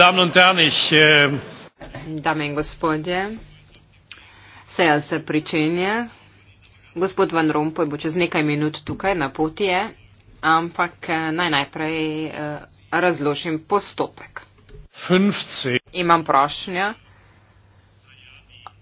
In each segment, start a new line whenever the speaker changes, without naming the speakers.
Äh,
Dame in gospodje, seja se pričenja. Gospod Van Rompuy bo čez nekaj minut tukaj na poti, je, ampak eh, naj najprej eh, razložim postopek.
15.
Imam prošnjo.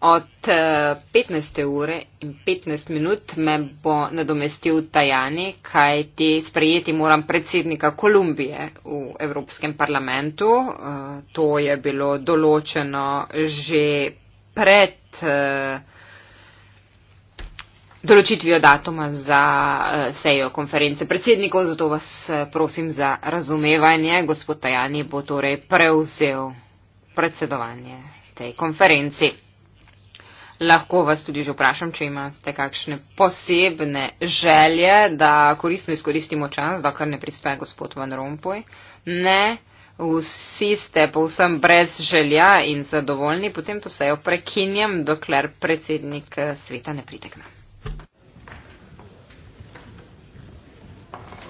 Od 15. Eh, ure in 15 minut me bo nadomestil Tajani, kaj ti sprejeti moram predsednika Kolumbije v Evropskem parlamentu. Eh, to je bilo določeno že pred eh, določitvijo datuma za sejo konference predsednikov, zato vas prosim za razumevanje. Gospod Tajani bo torej prevzel predsedovanje tej konferenci lahko vas tudi že vprašam, če imate kakšne posebne želje, da koristno izkoristimo čas, da kar ne prispe gospod Van Rompuy. Ne, vsi ste povsem brez želja in zadovoljni, potem to sejo prekinjam, dokler predsednik eh, sveta ne pritekne.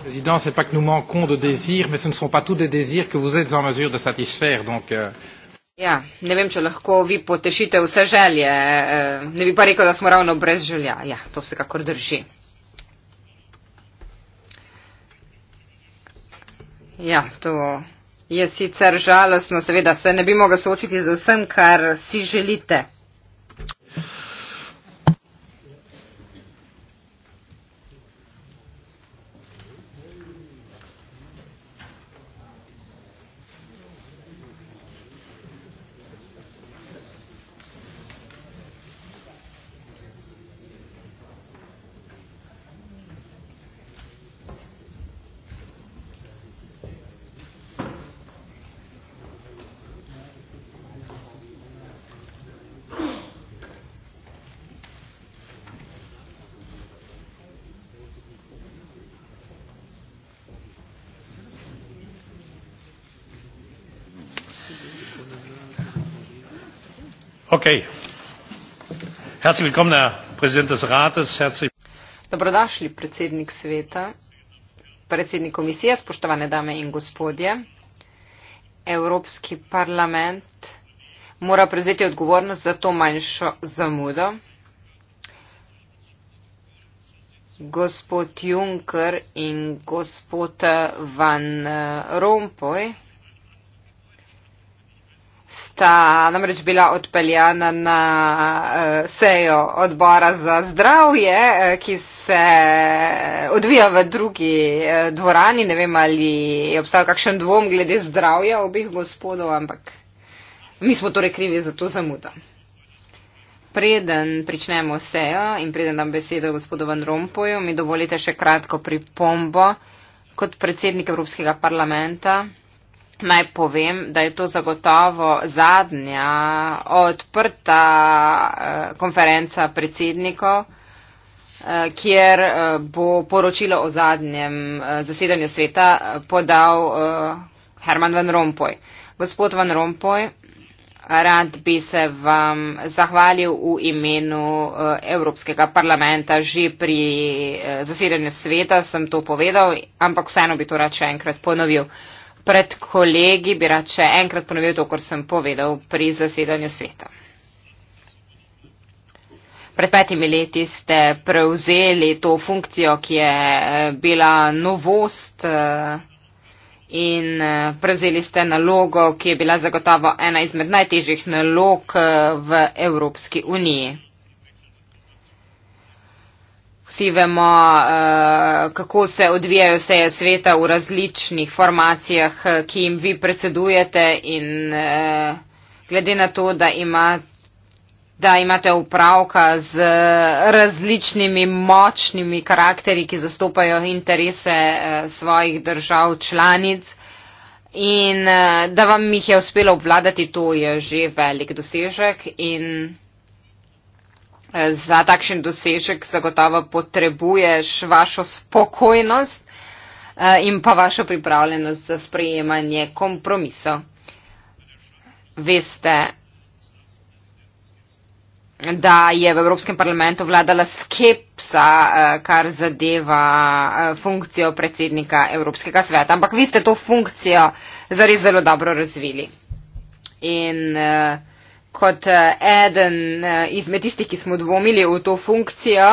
Président, ce n'est pas que nous manquons de désirs, mais ce ne seront pas tous les désirs que vous êtes en mesure de satisfaire. Donc, euh
Ja, ne vem, če lahko vi potešite vse želje. Eh, ne bi pa rekel, da smo ravno brez želja. Ja, to vsekakor drži. Ja, to je sicer žalostno, seveda se ne bi mogel soočiti z vsem, kar si želite.
herzlich willkommen herr präsident des rates herzlich
Dobrodošli, predsednik sveta, predsednik komisije, spoštovane dame in gospodje. Evropski parlament mora prevzeti odgovornost za to manjšo zamudo. Gospod Juncker in gospod Van Rompuy sta namreč bila odpeljana na eh, sejo odbora za zdravje, eh, ki se eh, odvija v drugi dvorani. Ne vem, ali je obstajal kakšen dvom glede zdravja obih gospodov, ampak mi smo torej krivi za to zamudo. Preden pričnemo sejo in preden dam besedo gospodu Van Rompuju, mi dovolite še kratko pripombo kot predsednik Evropskega parlamenta. Naj povem, da je to zagotovo zadnja odprta eh, konferenca predsednikov, eh, kjer eh, bo poročilo o zadnjem zasedanju sveta podal Herman Van Rompuy. Gospod Van Rompuy, rad bi se vam zahvalil v imenu Evropskega parlamenta že pri zasedanju sveta, sem to povedal, ampak vseeno bi to rad še enkrat ponovil pred kolegi, bi rad še enkrat ponovil to, kar sem povedal pri zasedanju sveta. Pred petimi leti ste prevzeli to funkcijo, ki je eh, bila novost eh, in eh, prevzeli ste nalogo, ki je bila zagotovo ena izmed najtežjih nalog v Evropski uniji vsi vemo, eh, kako se odvijajo seje sveta v različnih formacijah, ki jim vi predsedujete in eh, glede na to, da, ima, da imate upravka z različnimi močnimi karakteri, ki zastopajo interese eh, svojih držav članic. In da vam jih je uspelo obvladati, to je že velik dosežek. In Eh, za takšen dosežek zagotovo potrebuješ vašo spokojnost eh, in pa vašo pripravljenost za sprejemanje kompromisov. Veste, da je v Evropskem parlamentu vladala skepsa, eh, kar zadeva funkcijo predsednika Evropskega sveta, ampak vi ste to funkcijo zares zelo dobro razvili. In uh, kot eh, eden eh, izmed tistih, ki smo dvomili v to funkcijo,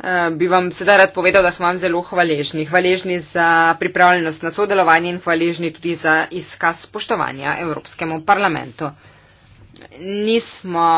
eh, bi vam sedaj rad povedal, da smo vam zelo hvaležni. Hvaležni za pripravljenost na sodelovanje in hvaležni tudi za izkaz spoštovanja Evropskemu parlamentu. Nismo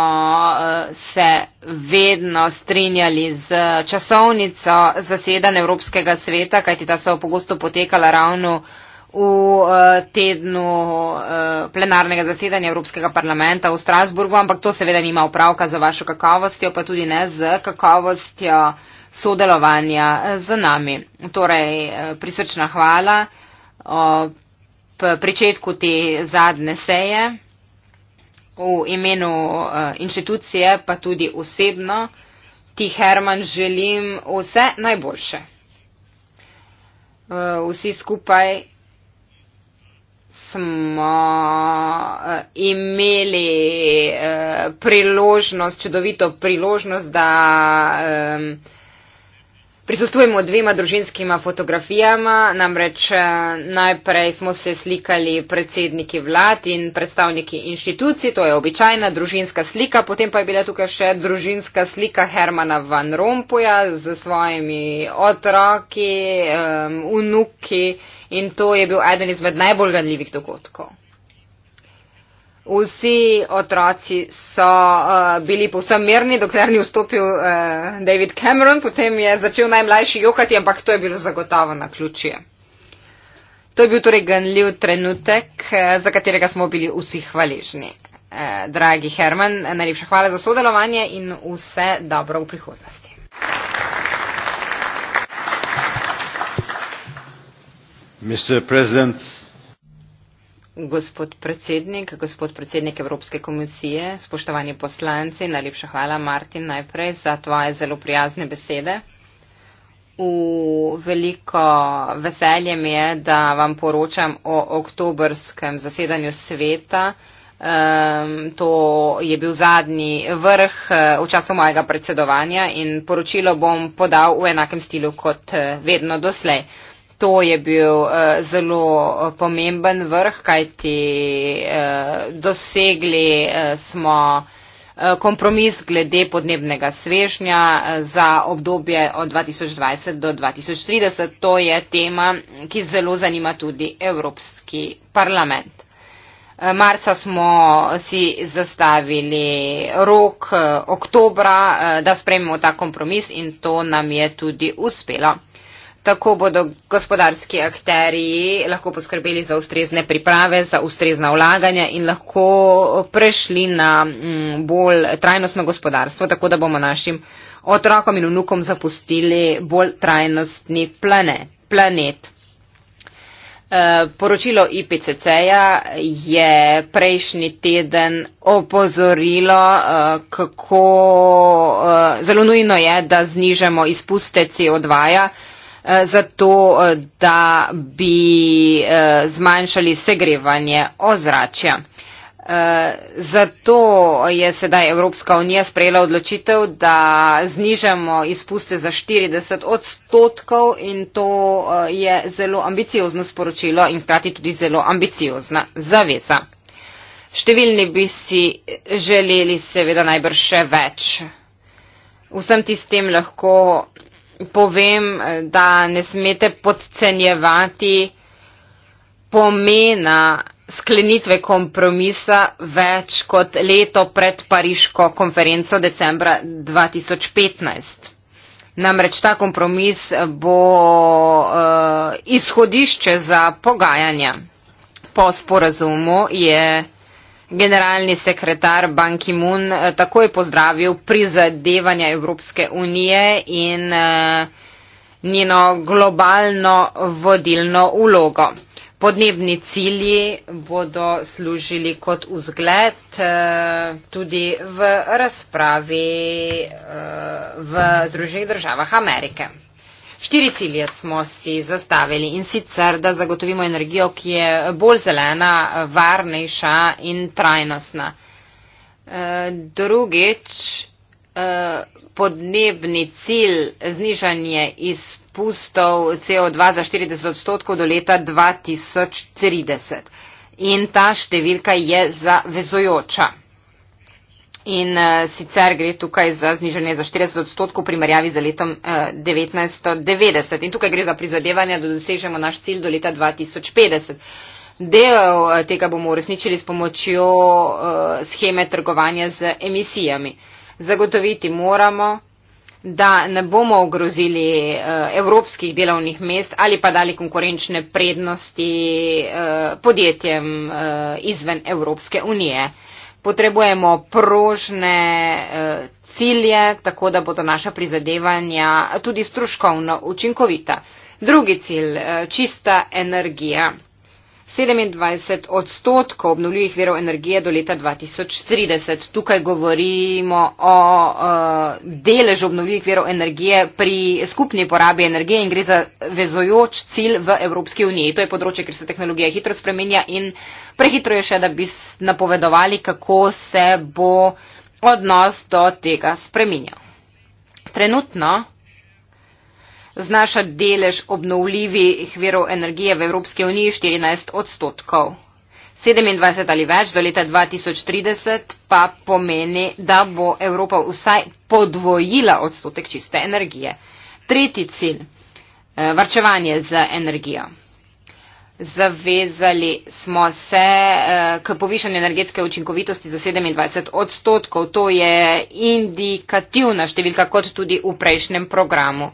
se vedno strinjali z časovnico zasedanja Evropskega sveta, kajti ta so pogosto potekala ravno uh, v eh, tednu eh, plenarnega zasedanja Evropskega parlamenta v Strasburgu, ampak to seveda nima upravka za vašo kakovostjo, pa tudi ne z kakovostjo sodelovanja eh, z nami. Torej, prisrčna hvala ob pričetku te zadnje seje v imenu inštitucije, pa tudi osebno. Ti, Herman, želim vse najboljše. Vsi skupaj smo eh, imeli eh, priložnost, čudovito priložnost, da ehm, prisustujemo dvema družinskima fotografijama. Namreč eh, najprej smo se slikali predsedniki vlad in predstavniki inštitucij, to je običajna družinska slika, potem pa je bila tukaj še družinska slika Hermana Van Rompuja z svojimi otroki, ehm, vnuki. Um, in to je bil eden izmed najbolj gledljivih dogodkov. Vsi otroci so uh, bili povsem mirni, dokler ni vstopil uh, David Cameron, potem je začel najmlajši jokati, ampak to je bilo zagotovo na ključje. To je bil torej ganljiv trenutek, eh, za katerega smo bili vsi hvaležni. Dragi Herman, najlepša hvala za sodelovanje in vse dobro v prihodnosti. Gospod predsednik, gospod predsednik Evropske komisije, spoštovani poslanci, najlepša hvala, Martin, najprej za tvoje zelo prijazne besede. V veliko veselje mi je, da vam poročam o oktobrskem zasedanju sveta. Um, to je bil zadnji vrh eh, v času mojega predsedovanja in poročilo bom podal v enakem stilu kot eh, vedno doslej. To je bil uh, zelo eh, pomemben vrh, kajti uh, dosegli uh, smo kompromis glede podnebnega svežnja za obdobje od 2020 do 2030. To je tema, ki zelo zanima tudi Evropski parlament. Marca smo si zastavili rok oktobra, da sprejmemo ta kompromis in to nam je tudi uspelo. Tako bodo gospodarski akteri lahko poskrbeli za ustrezne priprave, za ustrezna vlaganja in lahko prešli na mm, bolj trajnostno gospodarstvo, tako da bomo našim otrokom in vnukom zapustili bolj trajnostni planet. Eh, poročilo IPCC-ja je prejšnji teden opozorilo, eh, kako eh, zelo nujno je, da znižemo izpuste CO2-ja. Eh, zato eh, da bi eh, zmanjšali segrevanje ozračja. Zato je sedaj Evropska unija sprejela odločitev, da znižamo izpuste za 40 odstotkov in to je zelo ambiciozno sporočilo in hkrati tudi zelo ambiciozna zaveza. Številni bi si želeli seveda najbrž še več. Vsem tistim lahko povem, eh, da ne smete podcenjevati pomena sklenitve kompromisa več kot leto pred Pariško konferenco decembra 2015. Namreč ta kompromis bo uh, izhodišče za pogajanja. Po sporazumu je generalni sekretar Ban Ki-moon eh, takoj pozdravil prizadevanja Evropske unije in eh, njeno globalno vodilno ulogo. Podnebni cilji bodo služili kot vzgled eh, tudi v razpravi v Združenih državah Amerike. Štiri cilje smo si zastavili in sicer, da zagotovimo energijo, ki je bolj zelena, varnejša in trajnostna. Eh, drugič, eh, podnebni cilj znižanje izpustov CO2 za 40 odstotkov do leta 2030. In ta številka je zavezojoča in uh, sicer gre tukaj za znižanje za 40 odstotkov primerjavi za letom uh, eh, 1990. In tukaj gre za prizadevanje, da dosežemo naš cilj do leta 2050. Del uh, tega bomo uresničili s pomočjo uh, scheme trgovanja z emisijami. Zagotoviti moramo, da ne bomo ogrozili uh, evropskih delovnih mest ali pa dali konkurenčne prednosti uh, podjetjem uh, izven Evropske unije potrebujemo prožne eh, cilje, tako da bodo naša prizadevanja tudi stroškovno učinkovita. Drugi cilj, eh, čista energija. 27 odstotkov obnovljivih verov energije do leta 2030. Tukaj govorimo o uh, deležu obnovljivih verov energije pri skupni porabi energije in gre za vezojoč cilj v Evropski uniji. To je področje, ker se tehnologija hitro spremenja in prehitro je še, da bi napovedovali, kako se bo odnos do tega spremenjal. Trenutno znaša delež obnovljivih verov energije v Evropski uniji 14 odstotkov. 27 ali več do leta 2030 pa pomeni, da bo Evropa vsaj podvojila odstotek čiste energije. Tretji cilj eh, – varčevanje z energijo. Zavezali smo se eh, k povišanju energetske učinkovitosti za 27 odstotkov. To je indikativna številka kot tudi v prejšnjem programu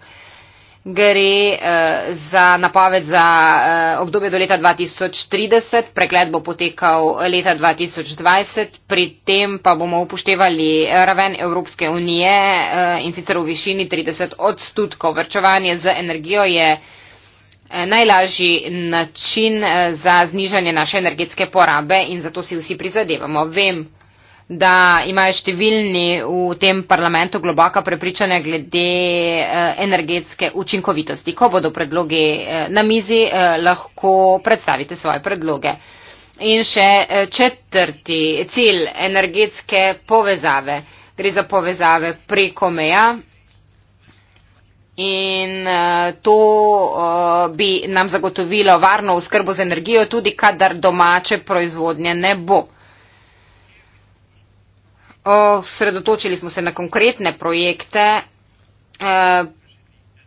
gre eh, za napoved za eh, obdobje do leta 2030, pregled bo potekal leta 2020, pri tem pa bomo upoštevali eh, raven Evropske unije in sicer v višini 30 odstotkov. Vrčevanje z energijo je najlažji način za znižanje naše energetske porabe in zato si vsi prizadevamo. Vem, da imajo številni v tem parlamentu globoka prepričanja glede eh, energetske učinkovitosti. Ko bodo predlogi eh, na mizi, eh, lahko predstavite svoje predloge. In še četrti cilj energetske povezave. Gre za povezave preko meja. In to bi nam zagotovilo varno oskrbo z energijo, tudi kadar domače proizvodnje ne bo osredotočili smo se na konkretne projekte eh,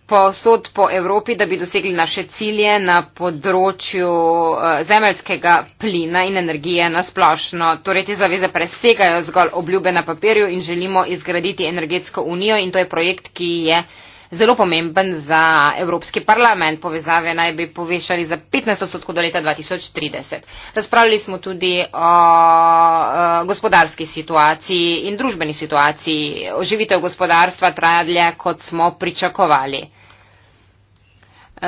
posod po Evropi, da bi dosegli naše cilje na področju eh, zemeljskega plina in energije na splošno. Torej te zaveze presegajo zgolj obljube na papirju in želimo izgraditi energetsko unijo in to je projekt, ki je zelo pomemben za Evropski parlament. Povezave naj bi povešali za 15 odstotkov do leta 2030. Razpravljali smo tudi o gospodarski situaciji in družbeni situaciji. Oživitev gospodarstva traja dlje, kot smo pričakovali. Uh,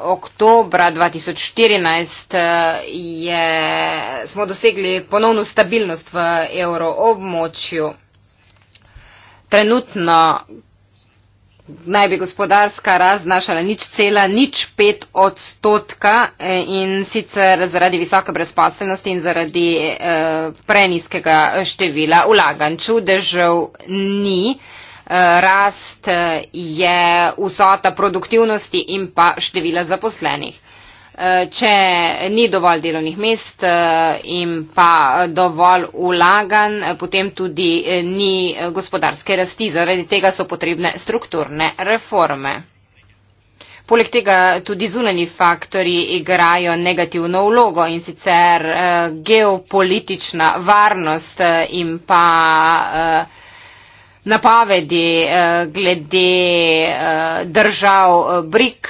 oktobra 2014 uh, e, je, smo dosegli ponovno stabilnost v evroobmočju. Trenutno naj bi gospodarska rast znašala nič cela, nič pet odstotka e, in sicer zaradi visoke brezposelnosti in zaradi e, preniskega števila vlaganj. Čudežev ni, e, rast je vsota produktivnosti in pa števila zaposlenih. Eh, če ni dovolj delovnih mest eh, in pa eh, dovolj ulagan, potem tudi ni gospodarske rasti. Zaradi tega so potrebne strukturne reforme. Poleg tega tudi zunani faktori igrajo negativno vlogo in sicer geopolitična varnost in pa napovedi eh, glede eh, držav eh, BRIC,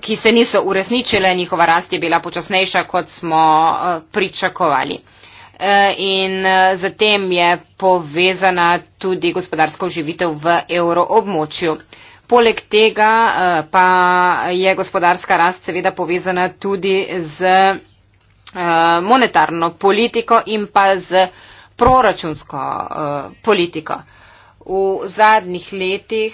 ki se niso uresničile, njihova rast je bila počasnejša, kot smo pričakovali. In zatem je povezana tudi gospodarsko uživitev v evroobmočju. Poleg tega pa je gospodarska rast seveda povezana tudi z monetarno politiko in pa z proračunsko politiko. V zadnjih letih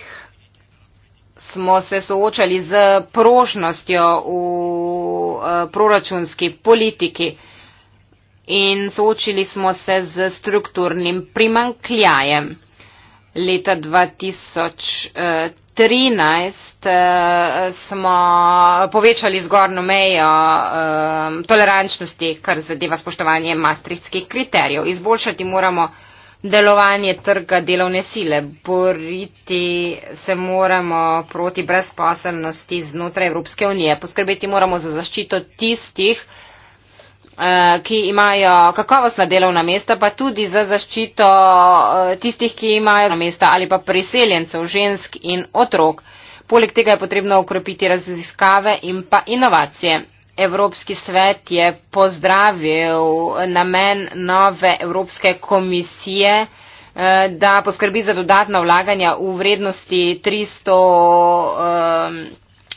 smo se soočali z prošnostjo v eh, proračunski politiki in soočili smo se z strukturnim primankljajem. Leta 2013 eh, eh, smo povečali zgornjo mejo tolerančnosti, kar zadeva spoštovanje maastrichtskih kriterijev. Izboljšati moramo delovanje trga delovne sile. Boriti se moramo proti brezposelnosti znotraj Evropske unije. Poskrbeti moramo za zaščito tistih, eh, ki imajo kakovostna delovna mesta, pa tudi za zaščito eh, tistih, ki imajo mesta ali pa priseljencev, žensk in otrok. Poleg tega je potrebno ukrepiti raziskave in pa inovacije. Evropski svet je pozdravil namen nove Evropske komisije, eh, da poskrbi za dodatna vlaganja v vrednosti 300 ehm,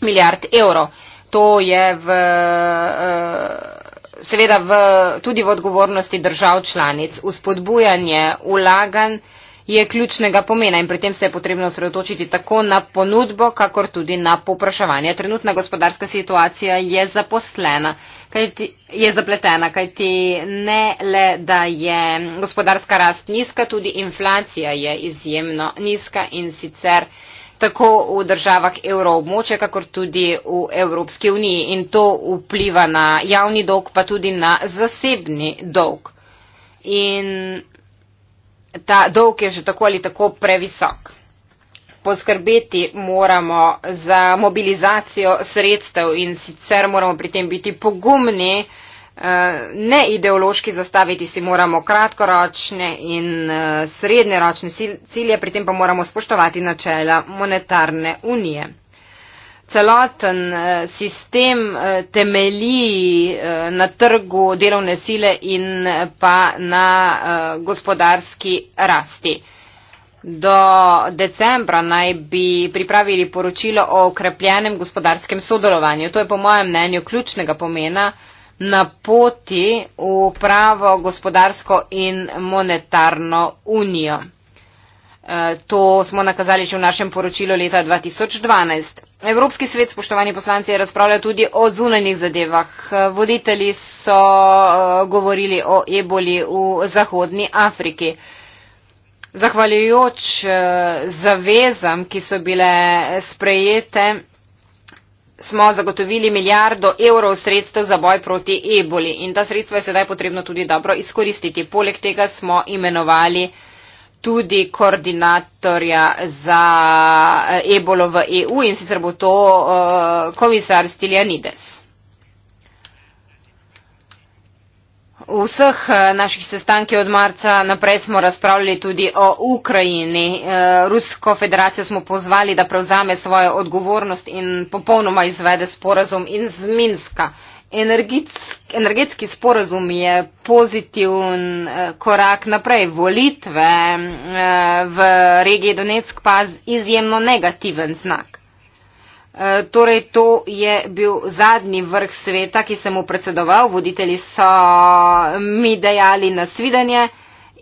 milijard evrov. To je v, eh, seveda v, tudi v odgovornosti držav članic. Uspodbujanje vlagan je ključnega pomena in pri tem se je potrebno osredotočiti tako na ponudbo, kakor tudi na popraševanje. Trenutna gospodarska situacija je zaposlena, kajti, je zapletena, kajti ne le, da je gospodarska rast nizka, tudi inflacija je izjemno nizka in sicer tako v državah evroobmoče, kakor tudi v Evropski uniji in to vpliva na javni dolg, pa tudi na zasebni dolg. In ta dolg je že tako ali tako previsok. Poskrbeti moramo za mobilizacijo sredstev in sicer moramo pri tem biti pogumni, eh, ne ideološki zastaviti si moramo kratkoročne in eh, srednjeročne cilje, pri tem pa moramo spoštovati načela monetarne unije celoten eh, sistem eh, temelji eh, na trgu delovne sile in pa na gospodarski rasti. Do decembra naj bi pripravili poročilo o okrepljenem gospodarskem sodelovanju. To je po mojem mnenju ključnega pomena na poti v pravo gospodarsko in monetarno unijo. To smo nakazali že v našem poročilu leta 2012. Evropski svet, spoštovani poslanci, je razpravljal tudi o zunanjih zadevah. Voditelji so eh, govorili o eboli v Zahodni Afriki. Zahvaljujoč eh, zavezam, ki so bile sprejete, smo zagotovili milijardo evrov sredstev za boj proti eboli in ta sredstva je sedaj potrebno tudi dobro izkoristiti. Poleg tega smo imenovali tudi koordinatorja za eh, ebolo v EU in sicer bo to eh, komisar Stiljanides. V vseh eh, naših sestankih od marca naprej smo razpravljali tudi o Ukrajini. Rusko federacijo smo pozvali, da prevzame svojo odgovornost in popolnoma izvede sporazum in z Minska energetski, energetski sporozum je pozitiven eh, korak naprej. Volitve eh, v regiji Donetsk pa je izjemno negativen znak. Eh, torej, to je bil zadnji vrh sveta, ki sem mu predsedoval. Voditelji so mi dejali nasvidenje.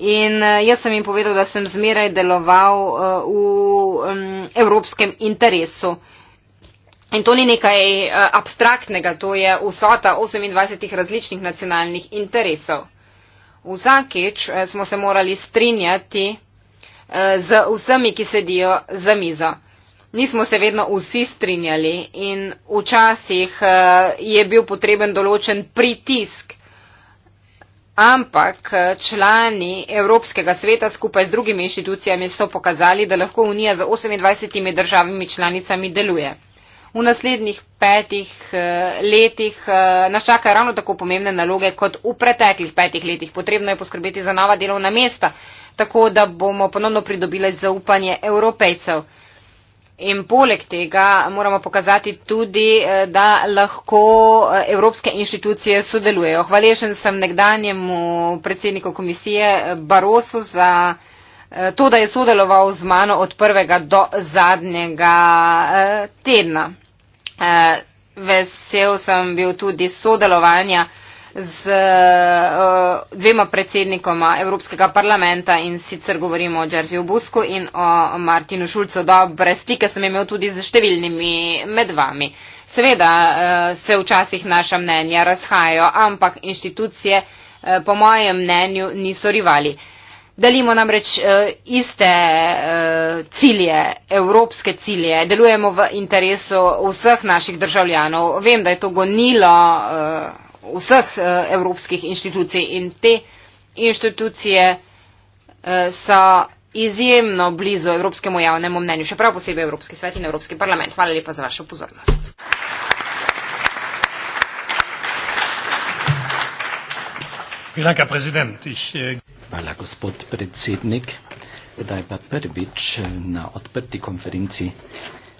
In jaz sem jim povedal, da sem zmeraj deloval v mm, evropskem interesu. In to ni nekaj eh, abstraktnega, to je vsota 28 različnih nacionalnih interesov. Vsakič eh, smo se morali strinjati eh, z vsemi, ki sedijo za mizo. Nismo se vedno vsi strinjali in včasih je bil potreben določen pritisk, ampak člani Evropskega sveta skupaj z drugimi inštitucijami so pokazali, da lahko Unija z 28 državami članicami deluje v naslednjih petih eh, letih eh, nas čakajo ravno tako pomembne naloge kot v preteklih petih letih. Potrebno je poskrbeti za nova delovna mesta, tako da bomo ponovno pridobili zaupanje evropejcev. In poleg tega moramo pokazati tudi, eh, da lahko evropske inštitucije sodelujejo. Hvaležen sem nekdanjemu predsedniku komisije Barosu za to, da je sodeloval z mano od prvega do zadnjega tedna. Eh, vesel sem bil tudi sodelovanja z eh, dvema predsednikoma Evropskega parlamenta in sicer govorimo o Džerziju Busku in o Martinu Šulcu. Dobre stike sem imel tudi z številnimi med vami. Seveda eh, se včasih naša mnenja razhajajo, ampak inštitucije po mojem mnenju niso rivali. Delimo namreč eh, iste eh, cilje, evropske cilje, delujemo v interesu vseh naših državljanov. Vem, da je to gonilo eh, vseh evropskih inštitucij in te inštitucije so izjemno blizu evropskemu javnemu mnenju, še prav posebej Evropski svet in Evropski parlament. Hvala lepa za vašo pozornost.
Äh,
Hvala, gospod predsednik. Kdaj pa prvič äh, na odprti konferenci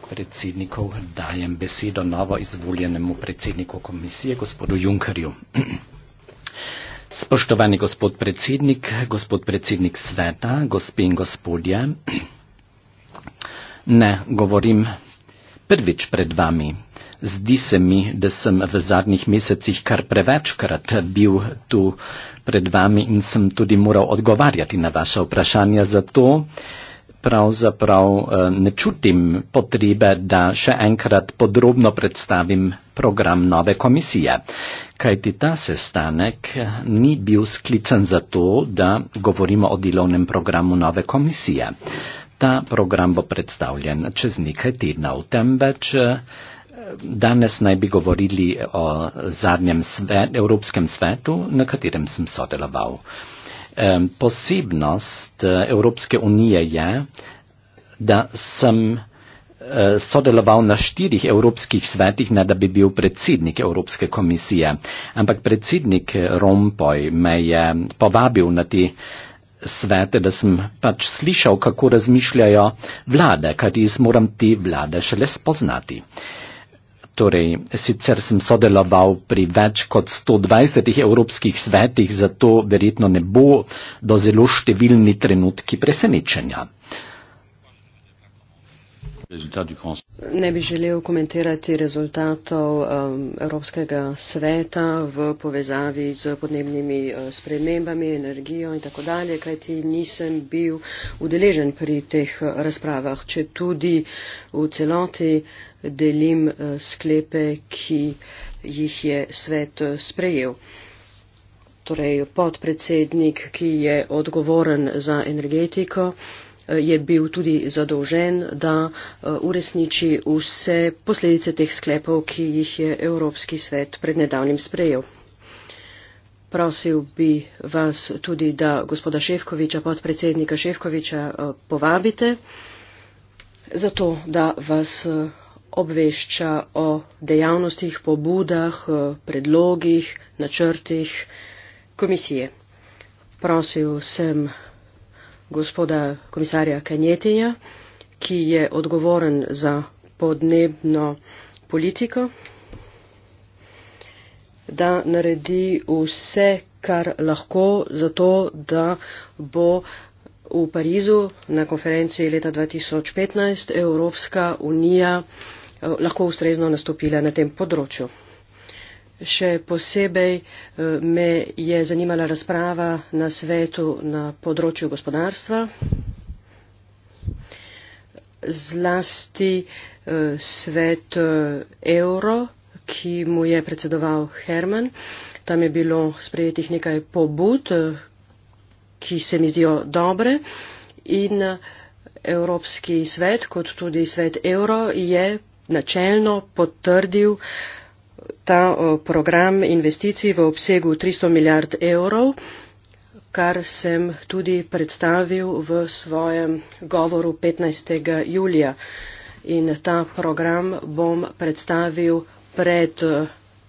predsednikov dajem besedo novo izvoljenemu predsedniku komisije, gospodu Junkerju. Spoštovani gospod predsednik, gospod predsednik sveta, gospe in gospodje, ne govorim prvič pred vami. Zdi se mi, da sem v zadnjih mesecih kar prevečkrat bil tu pred vami in sem tudi moral odgovarjati na vaše vprašanja, zato pravzaprav eh, ne čutim potrebe, da še enkrat podrobno predstavim program nove komisije. Kajti ta sestanek eh, ni bil sklican zato, da govorimo o delovnem programu nove komisije. Ta program bo predstavljen čez nekaj tednov, temveč eh, danes naj bi govorili o zadnjem svet, Evropskem svetu, na katerem sem sodeloval. Posebnost eh, Evropske unije je, da sem eh, sodeloval na štirih evropskih svetih, ne da bi bil predsednik Evropske komisije, ampak predsednik Rompoj me je povabil na te svete, da sem pač slišal, kako razmišljajo vlade, kar jih moram te vlade šele spoznati. Uh, Torej, sicer sem sodeloval pri več kot 120 evropskih svetih, zato verjetno ne bo do zelo številni trenutki presenečenja. Ne
bi želel komentirati rezultatov um, Evropskega sveta v povezavi z podnebnimi uh, spremembami, energijo in tako dalje, kajti nisem bil udeležen pri teh uh, razpravah, če tudi v celoti uh, delim eh, sklepe, ki jih je svet eh, sprejel. Torej, podpredsednik, ki je odgovoren za energetiko, eh, je bil tudi zadolžen, da uresniči vse posledice teh sklepov, ki jih je Evropski svet pred nedavnim sprejel. Prosil bi vas tudi, da gospoda Ševkoviča, podpredsednika Ševkoviča, povabite, zato da vas obvešča o dejavnostih, pobudah, predlogih, načrtih komisije. Prosil sem gospoda komisarja Kanjetinja, ki je odgovoren za podnebno politiko, da naredi vse, kar lahko, zato da bo v Parizu na konferenci leta 2015 Evropska unija lahko ustrezno nastopile na tem področju. Še posebej eh, me je zanimala razprava na svetu na področju gospodarstva, zlasti eh, svet evro, eh, ki mu je predsedoval Herman. Tam je bilo sprejetih nekaj pobud, ki se mi zdijo dobre in Evropski svet, kot tudi svet evro, je načelno potrdil ta program investicij v obsegu 300 milijard evrov, kar sem tudi predstavil v svojem govoru 15. julija. In ta program bom predstavil pred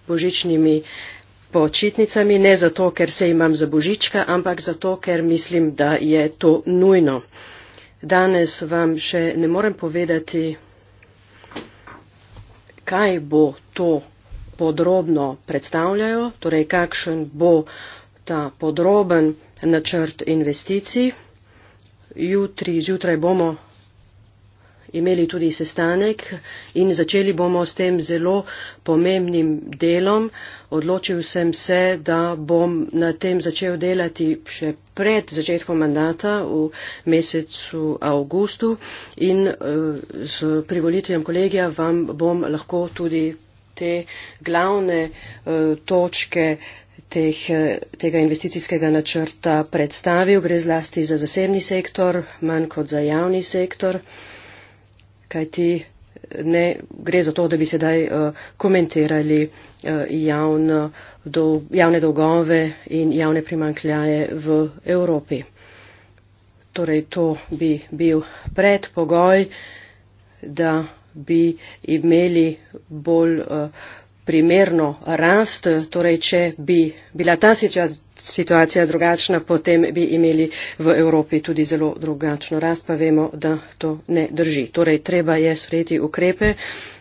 božičnimi počitnicami, ne zato, ker se imam za božička, ampak zato, ker mislim, da je to nujno. Danes vam še ne morem povedati kaj bo to podrobno predstavljajo, torej kakšen bo ta podroben načrt investicij. Jutri zjutraj bomo imeli tudi sestanek in začeli bomo s tem zelo pomembnim delom. Odločil sem se, da bom na tem začel delati še pred začetkom mandata v mesecu avgustu in eh, z privolitvijem kolegija vam bom lahko tudi te glavne eh, točke teh, eh, tega investicijskega načrta predstavil. Gre zlasti za zasebni sektor, manj kot za javni sektor kajti ne gre za to, da bi sedaj eh, komentirali eh, javno, javne dolgove in javne primankljaje v Evropi. Torej, to bi bil predpogoj, da bi imeli bolj uh, primerno rast, torej če bi bila ta situacija drugačna, potem bi imeli v Evropi tudi zelo drugačno rast, pa vemo, da to ne drži. Torej treba je sprejeti ukrepe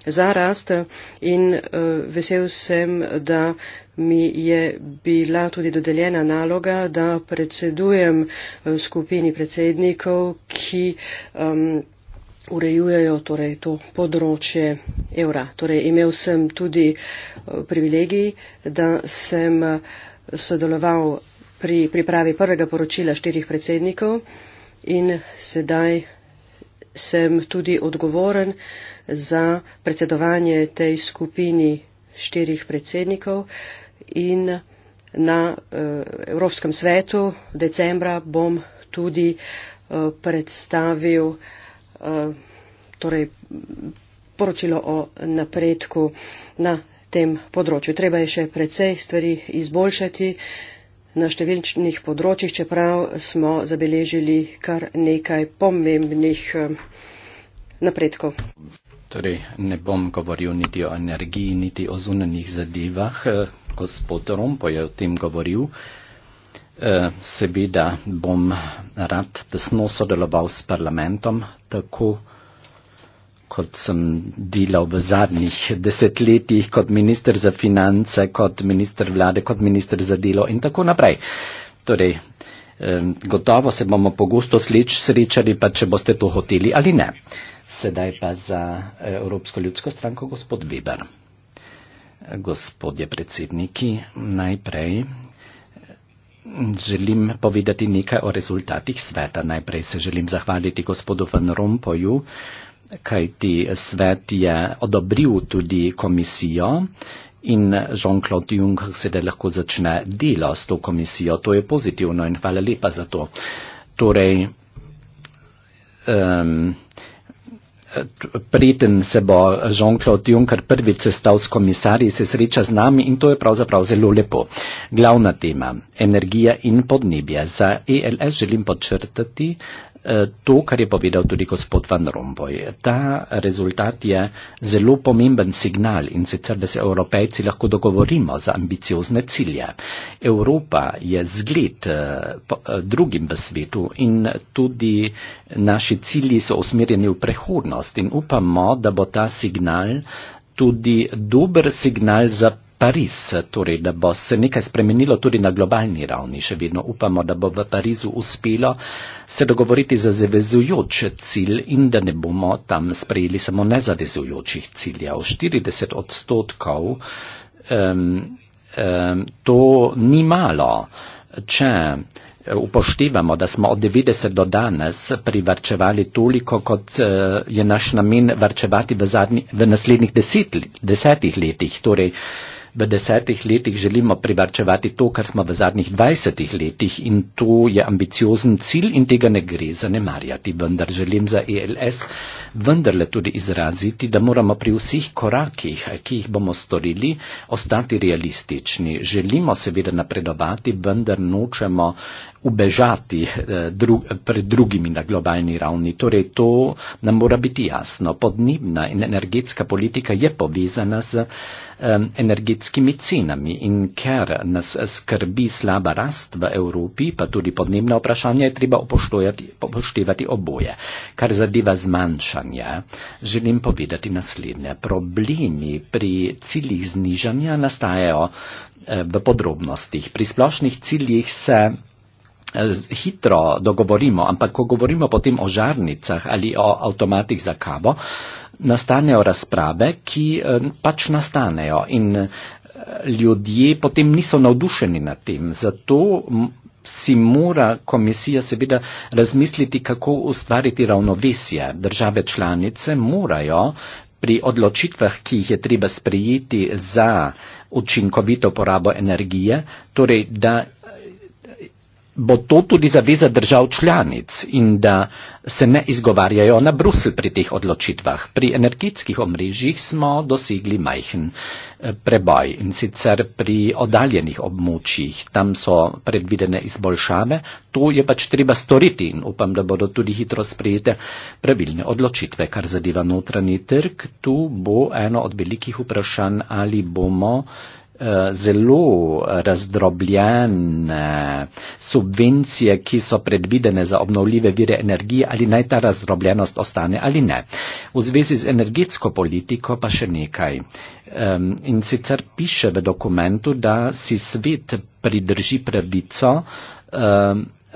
za rast in uh, vesel sem, da mi je bila tudi dodeljena naloga, da predsedujem eh, skupini predsednikov, ki. Um, urejujejo torej, to področje evra. Torej, imel sem tudi eh, privilegij, da sem eh, sodeloval pri pripravi prvega poročila štirih predsednikov in sedaj sem tudi odgovoren za predsedovanje tej skupini štirih predsednikov in na uh, Evropskem svetu decembra bom tudi uh, predstavil uh, torej, poročilo o napredku na tem področju. Treba je še precej stvari izboljšati na številčnih področjih, čeprav smo zabeležili kar nekaj pomembnih eh, napredkov.
Torej, ne bom govoril niti o energiji, niti o zunanih zadevah. Eh, gospod Rompo je o tem govoril seveda bom rad tesno sodeloval s parlamentom, tako kot sem delal v zadnjih desetletjih kot minister za finance, kot minister vlade, kot minister za delo in tako naprej. Torej, gotovo se bomo pogosto srečali, pa če boste to hoteli ali ne. Sedaj pa za eh, Evropsko ljudsko stranko gospod Weber. Gospodje predsedniki, najprej Želim povedati nekaj o rezultatih sveta. Najprej se želim zahvaliti gospodu Van Rompoju, kajti svet je odobril tudi komisijo in Jean-Claude Juncker sedaj lahko začne delo s to komisijo. To je pozitivno in hvala lepa za to. Torej, um, preden se bo Jean-Claude Juncker prvič sestal s komisarji, se sreča z nami in to je pravzaprav zelo lepo. Glavna tema, energija in podnebja. Za ELS želim podčrtati, Eh, to, kar je povedal tudi gospod Van Romboj. Ta rezultat je zelo pomemben signal in sicer, da se evropejci lahko dogovorimo za ambiciozne cilje. Evropa je zgled eh, eh, drugim v svetu in tudi naši cilji so usmerjeni v prehodnost in upamo, da bo ta signal tudi dober signal za prihodnost Pariz, torej da bo se nekaj spremenilo tudi na globalni ravni. Še vedno upamo, da bo v Parizu uspelo se dogovoriti za zavezujoč cilj in da ne bomo tam sprejeli samo nezavezujočih ciljev. 40 odstotkov um, um, to ni malo, če upoštevamo, da smo od 90 do danes privrčevali toliko, kot eh, je naš namen vrčevati v, zadnji, v naslednjih deset, desetih letih. Torej, v desetih letih želimo privarčevati to, kar smo v zadnjih dvajsetih letih in to je ambiciozen cilj in tega ne gre zanemarjati. Vendar želim za ELS vendarle tudi izraziti, da moramo pri vseh korakih, ki jih bomo storili, ostati realistični. Želimo seveda napredovati, vendar nočemo ubežati eh, dru pred drugimi na globalni ravni. Torej, to nam mora biti jasno. Podnebna in energetska politika je povezana z Um, energetskimi cenami in ker nas skrbi slaba rast v Evropi, pa tudi podnebne vprašanje, je treba upoštevati oboje. Kar zadeva zmanjšanje, želim povedati naslednje. Problemi pri ciljih znižanja nastajajo eh, v podrobnostih. Pri splošnih ciljih se Eh, hitro dogovorimo, ampak ko govorimo potem o žarnicah ali o avtomatih za kavo, nastanejo razprave, ki eh, pač nastanejo in eh, ljudje potem niso navdušeni nad tem. Zato si mora komisija seveda razmisliti, kako ustvariti ravnovesje. Države članice morajo pri odločitvah, ki jih je treba sprejeti za učinkovito porabo energije, torej da bo to tudi zaveza držav članic in da se ne izgovarjajo na Bruselj pri teh odločitvah. Pri energetskih omrežjih smo dosegli majhen eh, preboj in sicer pri oddaljenih območjih. Tam so predvidene izboljšave, to je pač treba storiti in upam, da bodo tudi hitro sprejete pravilne odločitve, kar zadeva notranji trg. Tu bo eno od velikih vprašanj, ali bomo zelo razdrobljene subvencije, ki so predvidene za obnovljive vire energije, ali naj ta razdrobljenost ostane ali ne. V zvezi z energetsko politiko pa še nekaj. In sicer piše v dokumentu, da si svet pridrži pravico,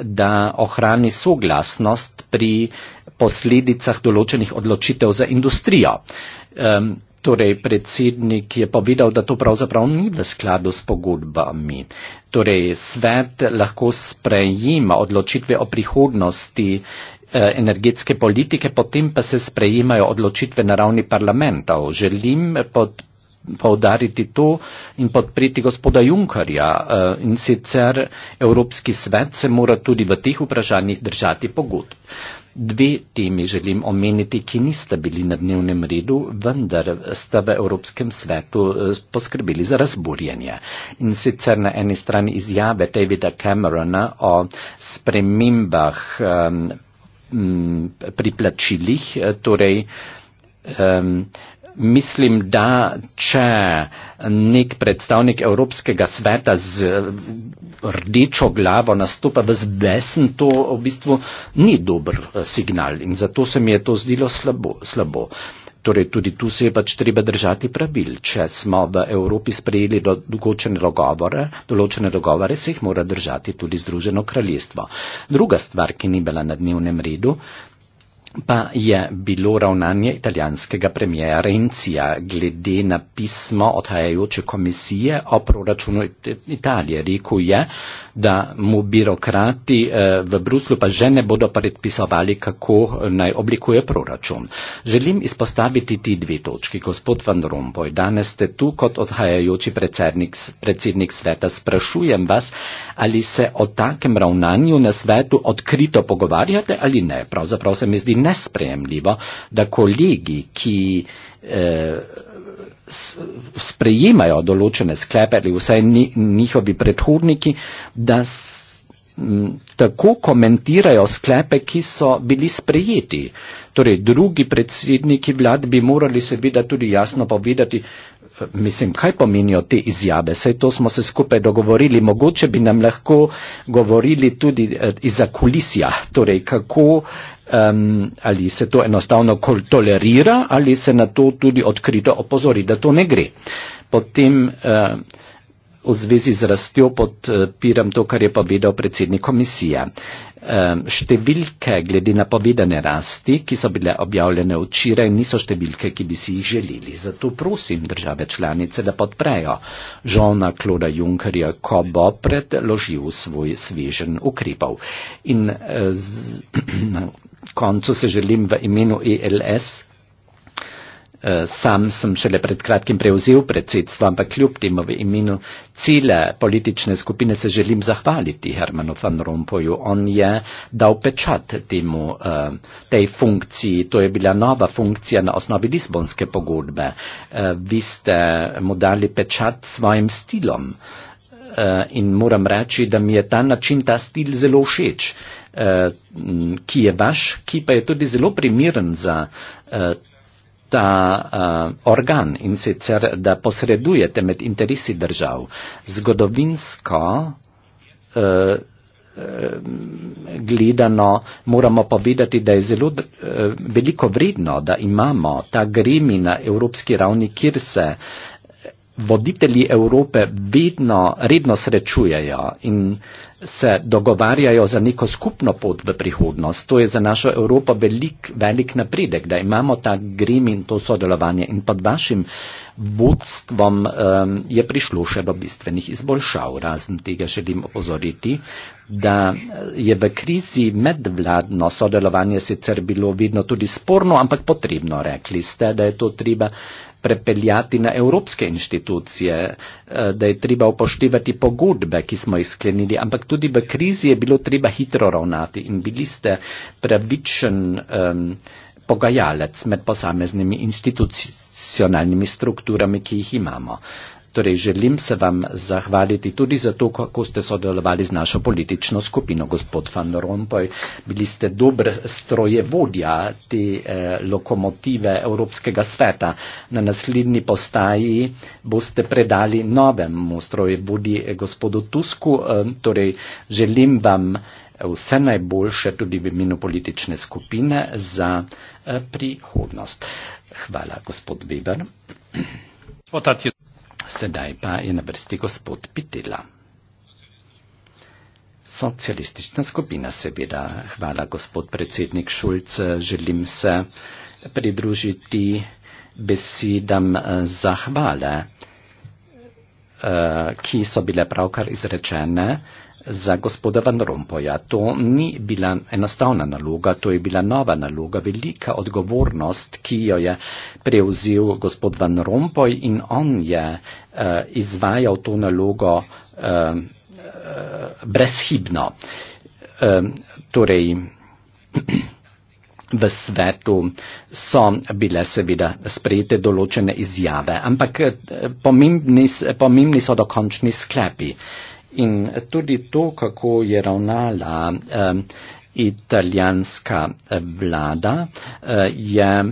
da ohrani soglasnost pri posledicah določenih odločitev za industrijo. Torej, predsednik je povedal, da to pravzaprav ni v skladu s pogodbami. Torej, svet lahko sprejema odločitve o prihodnosti eh, energetske politike, potem pa se sprejemajo odločitve na ravni parlamentov. Želim pod povdariti to in podpreti gospoda Junkarja eh, in sicer Evropski svet se mora tudi v teh vprašanjih držati pogodb. Dve temi želim omeniti, ki nista bili na dnevnem redu, vendar sta v Evropskem svetu eh, poskrbeli za razburjenje. In sicer na eni strani izjave Davida Camerona o spremembah um, pri plačilih, eh, torej um, mislim, da če nek predstavnik Evropskega sveta z rdečo glavo nastopa v zbesen, to v bistvu ni dober eh, signal in zato se mi je to zdelo slabo. slabo. Torej, tudi tu se je pač treba držati pravil. Če smo v Evropi sprejeli določene dogovore, določene dogovore, se jih mora držati tudi Združeno kraljestvo. Druga stvar, ki ni bila na dnevnem redu, pa je bilo ravnanje italijanskega premijera Rencija glede na pismo odhajajoče komisije o proračunu Italije. Rekl je, da mu birokrati eh, v Bruslu pa že ne bodo predpisovali, kako eh, naj oblikuje proračun. Želim izpostaviti ti dve točki. Gospod Van Rompuy, danes ste tu kot odhajajoči predsednik, predsednik sveta. Sprašujem vas, ali se o takem ravnanju na svetu odkrito pogovarjate ali ne. Pravzaprav se mi zdi nesprejemljivo, da kolegi, ki eh, sprejemajo določene sklepe ali vsaj njihovi predhodniki, da tako komentirajo sklepe, ki so bili sprejeti. Torej, drugi predsedniki vlad bi morali seveda tudi jasno povedati, mislim, kaj pomenijo te izjave? Sej to smo se skupaj dogovorili, mogoče bi nam lahko govorili tudi eh, izza kulisja, torej kako um, ali se to enostavno tolerira ali se na to tudi odkrito opozori, da to ne gre. Potem uh, v zvezi z rastjo podpiram eh, to, kar je povedal predsednik komisije. Uh, Številke glede napovedane rasti, ki so bile objavljene včeraj, niso številke, ki bi si jih želeli. Zato prosim države članice, da podprejo žona Kloda Junkerja, ko bo predložil svoj svežen ukrepov. In eh, z, na koncu se želim v imenu ELS Eh, sam sem šele pred kratkim prevzel predsedstvo, ampak kljub temu v imenu cele politične skupine se želim zahvaliti Hermanu van Rompuyu. On je dal pečat temu, eh, tej funkciji, to je bila nova funkcija na osnovi Lisbonske pogodbe. Eh, vi ste mu dali pečat svojim stilom in moram reči, da mi je ta način, ta stil zelo všeč ki je vaš, ki pa je tudi zelo primiren za uh, ta uh, organ in sicer, da posredujete med interesi držav. Zgodovinsko uh, gledano moramo povedati, da je zelo uh, veliko vredno, da imamo ta gremi na evropski ravni, kjer se uh, voditelji Evrope vedno redno srečujejo in se dogovarjajo za neko skupno pot v prihodnost. To je za našo Evropo velik, velik napredek, da imamo ta grem in to sodelovanje. In pod vašim vodstvom um, je prišlo še do bistvenih izboljšav. Razen tega želim opozoriti, da je v krizi medvladno sodelovanje sicer bilo vedno tudi sporno, ampak potrebno. Rekli ste, da je to treba prepeljati na evropske inštitucije, eh, da je treba upoštevati pogodbe, ki smo jih sklenili, ampak tudi v krizi je bilo treba hitro ravnati in bili ste pravičen um, pogajalec med posameznimi institucionalnimi strukturami, ki jih imamo. Uh, Torej, želim se vam zahvaliti tudi za to, kako ste sodelovali z našo politično skupino, gospod Van Rompuy. Bili ste dober strojevodja te eh, lokomotive Evropskega sveta. Na naslednji postaji boste predali novemu strojevodji eh, gospodu Tusku. Eh, torej, želim vam eh, vse najboljše tudi v imenu politične skupine za eh, prihodnost. Hvala, gospod Weber. Sedaj pa je na vrsti gospod Pitila. Socialistična skupina, seveda. Hvala, gospod predsednik Šulc. Želim se pridružiti besedam eh, zahvale, eh, ki so bile pravkar izrečene za gospodovan Rompoja. To ni bila enostavna naloga, to je bila nova naloga, velika odgovornost, ki jo je prevzel gospodovan Rompoj in on je uh, izvajal to nalogo uh, uh, brezhibno. Uh, torej, V svetu so bile seveda sprejete določene izjave, ampak pomembni, pomembni so dokončni sklepi. Uh, in tudi to, kako je ravnala um, italijanska eh, vlada, uh, je.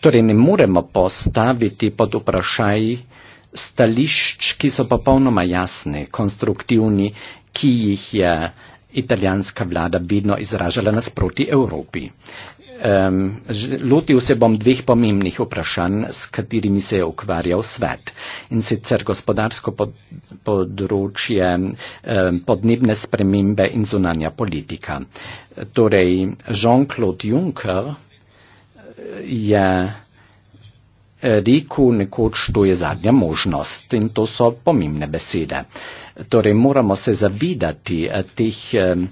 Torej ne moremo postaviti pod vprašaj stališč, ki so popolnoma jasni, konstruktivni, ki jih je italijanska vlada vidno izražala nasproti Evropi. Um, lotil se bom dveh pomembnih vprašanj, s katerimi se je ukvarjal svet. In sicer gospodarsko pod, področje, um, podnebne spremembe in zunanja politika. Torej, Jean-Claude Juncker eh, je eh, rekel nekoč, to je zadnja možnost in to so pomembne besede. Torej, moramo se zavidati eh, teh. Um,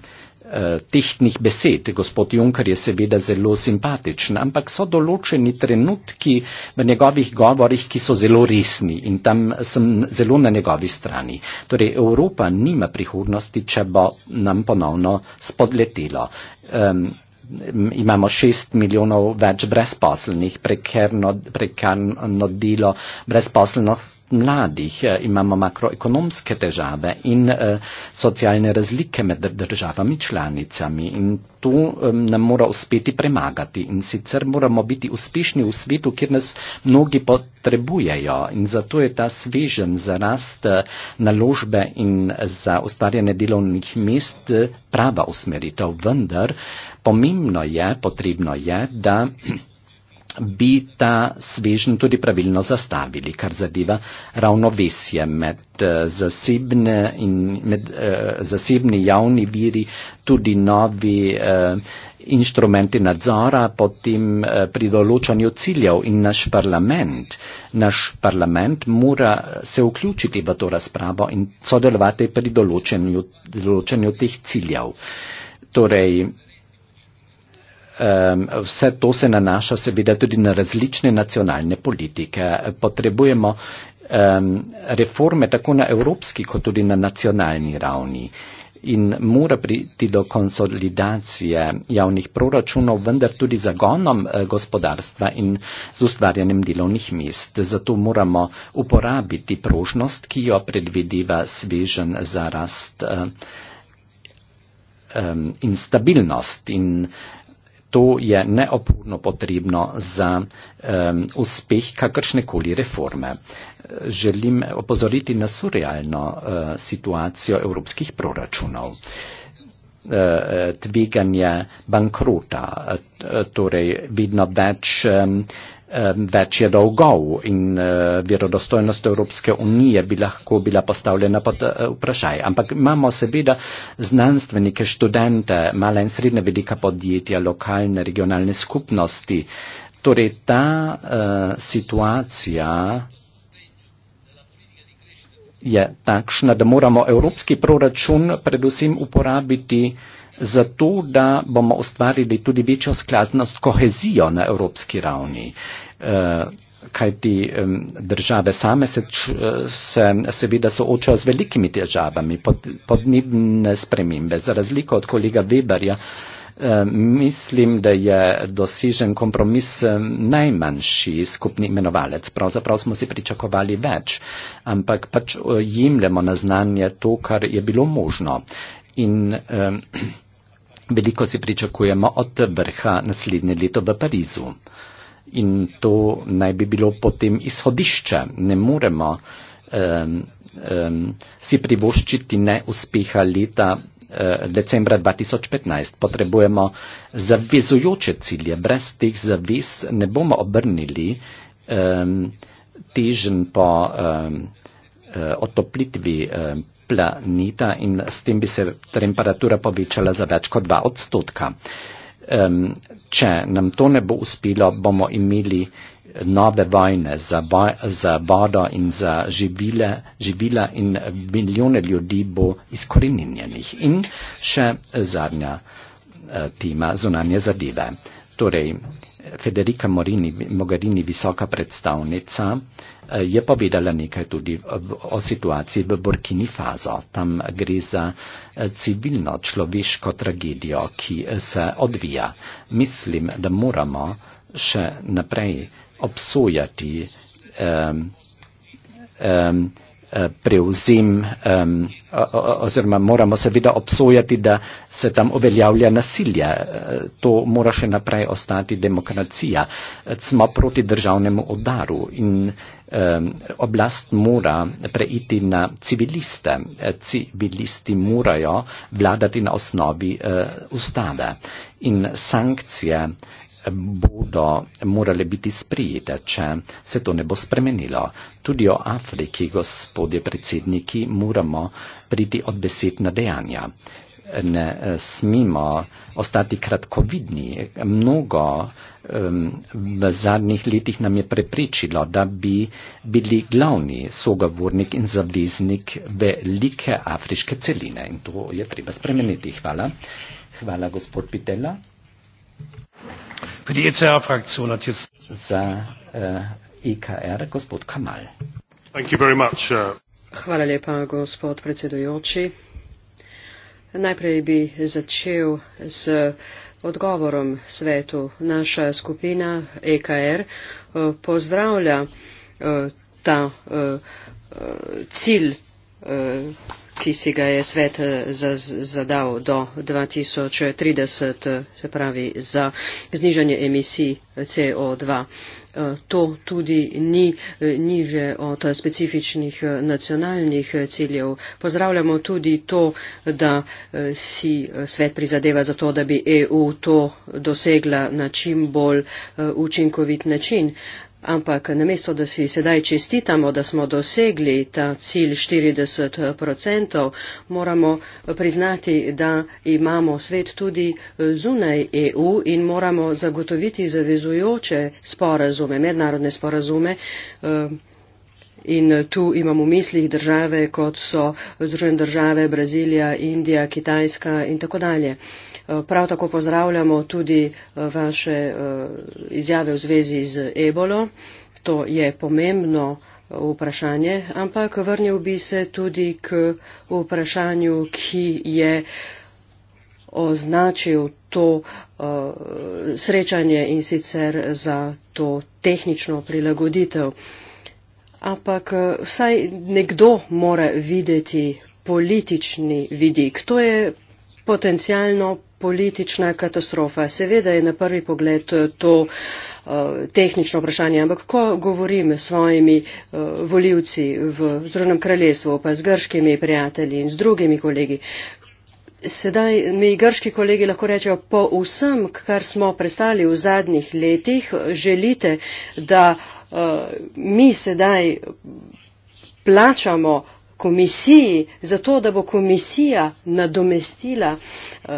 tehtnih besed. Gospod Juncker je seveda zelo simpatičen, ampak so določeni trenutki v njegovih govorih, ki so zelo resni in tam sem zelo na njegovi strani. Torej, Evropa nima prihodnosti, če bo nam ponovno spodletelo. Um, imamo šest milijonov več brezposlenih, prekarno, prekarno delo, brezposlenost mladih, eh, imamo makroekonomske težave in eh, socialne razlike med državami članicami in to nam mora uspeti premagati in sicer moramo biti uspešni v svetu, kjer nas mnogi potrebujejo in zato je ta svežen za rast eh, naložbe in za ustvarjanje delovnih mest prava usmeritev, vendar pomembno je, potrebno je, da bi ta svežen tudi pravilno zastavili, kar zadeva ravnovesje med eh, zasebne in med, eh, zasebni javni viri, tudi novi eh, inštrumenti nadzora, potem eh, pri določanju ciljev in naš parlament. Naš parlament mora se vključiti v to razpravo in sodelovati pri določanju, določanju teh ciljev. Torej, um, vse to se nanaša seveda tudi na različne nacionalne politike. Potrebujemo um, reforme tako na evropski kot tudi na nacionalni ravni. In mora priti do konsolidacije javnih proračunov, vendar tudi zagonom eh, gospodarstva in z ustvarjanjem delovnih mest. Zato moramo uporabiti prožnost, ki jo predvideva svežen za rast um, in stabilnost. In, uh, To je neopurno potrebno za um, uspeh kakršnekoli reforme. Želim opozoriti na surrealno uh, situacijo evropskih proračunov. Uh, tveganje bankrota, uh, torej vedno več um, Eh, več je dolgov in uh, verodostojnost Evropske unije bi lahko bila postavljena pod uh, vprašaj. Ampak imamo seveda znanstvenike, študente, mala in srednja velika podjetja, lokalne, regionalne skupnosti. Torej ta uh, situacija je takšna, da moramo evropski proračun predvsem uporabiti uh, zato da bomo ustvarili tudi večjo skladnost kohezijo na evropski ravni. Eh, kajti države same se, eh, se seveda soočajo z velikimi težavami pod, podnebne spremembe. Za razliko od kolega Weberja, eh, mislim, da je dosežen kompromis najmanjši skupni imenovalec. Pravzaprav smo si pričakovali več, ampak pač jemljemo na znanje to, kar je bilo možno. In, eh, Veliko si pričakujemo od vrha naslednje leto v Parizu. In to naj bi bilo potem izhodišče. Ne moremo um, um, si privoščiti neuspeha leta uh, decembra 2015. Potrebujemo zavezujoče cilje. Brez teh zavez ne bomo obrnili um, težen po um, otoplitvi um, planeta in s tem bi se temperatura povečala za več kot 2 odstotka. Um, če nam to ne bo uspelo, bomo imeli nove vojne za, boj, za vodo in za živile, živila in milijone ljudi bo izkoreninjenih. In še zadnja uh, tema, zunanje zadeve. Torej, Federica Morini, Mogarini, visoka predstavnica, uh, Eh, je povedala nekaj tudi o situaciji v Burkini Faso. Tam gre za eh, civilno človeško tragedijo, ki eh, se odvija. Mislim, da moramo še naprej obsojati um, um, Eh, prevzem um, oziroma moramo seveda obsojati, da se tam uveljavlja nasilje. Eh, to mora še naprej ostati demokracija. Smo proti državnemu odaru in um, oblast mora preiti na civiliste. Civilisti morajo vladati na osnovi uh, ustave. In sankcije bodo morale biti sprijete, če se to ne bo spremenilo. Tudi o Afriki, gospodje predsedniki, moramo priti od besed na dejanja. Ne eh, smemo ostati kratkovidni. Mnogo um, v zadnjih letih nam je prepričilo, da bi bili glavni sogovornik in zaveznik velike afriške celine. In to je treba spremeniti. Hvala. Hvala, gospod Pitela. Für die ECR Fraktion hat jetzt za uh, eh, EKR gospod Kamal. Thank you very much. Uh...
Hvala lepa, gospod predsedujoči. Najprej bi začel z odgovorom svetu. Naša skupina EKR eh, pozdravlja eh, ta cilj ki si ga je svet eh, zadal do 2030, eh, se pravi za znižanje emisij eh, CO2. To tudi ni niže od specifičnih nacionalnih ciljev. Pozdravljamo tudi to, da si svet prizadeva za to, da bi EU to dosegla na čim bolj učinkovit način. Ampak namesto, da si sedaj čestitamo, da smo dosegli ta cilj 40%, moramo priznati, da imamo svet tudi zunaj EU in moramo zagotoviti zavezujoče sporazume, mednarodne sporazume. Eh, in tu imamo v mislih države, kot so Združene države, Brazilija, Indija, Kitajska in tako dalje. Eh, prav tako pozdravljamo tudi eh, vaše eh, izjave v zvezi z ebolo. To je pomembno vprašanje, ampak vrnil bi se tudi k vprašanju, ki je označil to uh, srečanje in sicer za to tehnično prilagoditev. Ampak uh, vsaj nekdo mora videti politični vidik. To je potencijalno politična katastrofa. Seveda je na prvi pogled eh, to eh, tehnično vprašanje, ampak ko govorim s svojimi eh, voljivci v Združenem kraljestvu, pa z grškimi prijatelji in z drugimi kolegi, Sedaj mi grški kolegi lahko rečejo, po vsem, kar smo prestali v zadnjih letih, želite, da uh, mi sedaj plačamo uh, komisiji, zato da bo komisija nadomestila uh,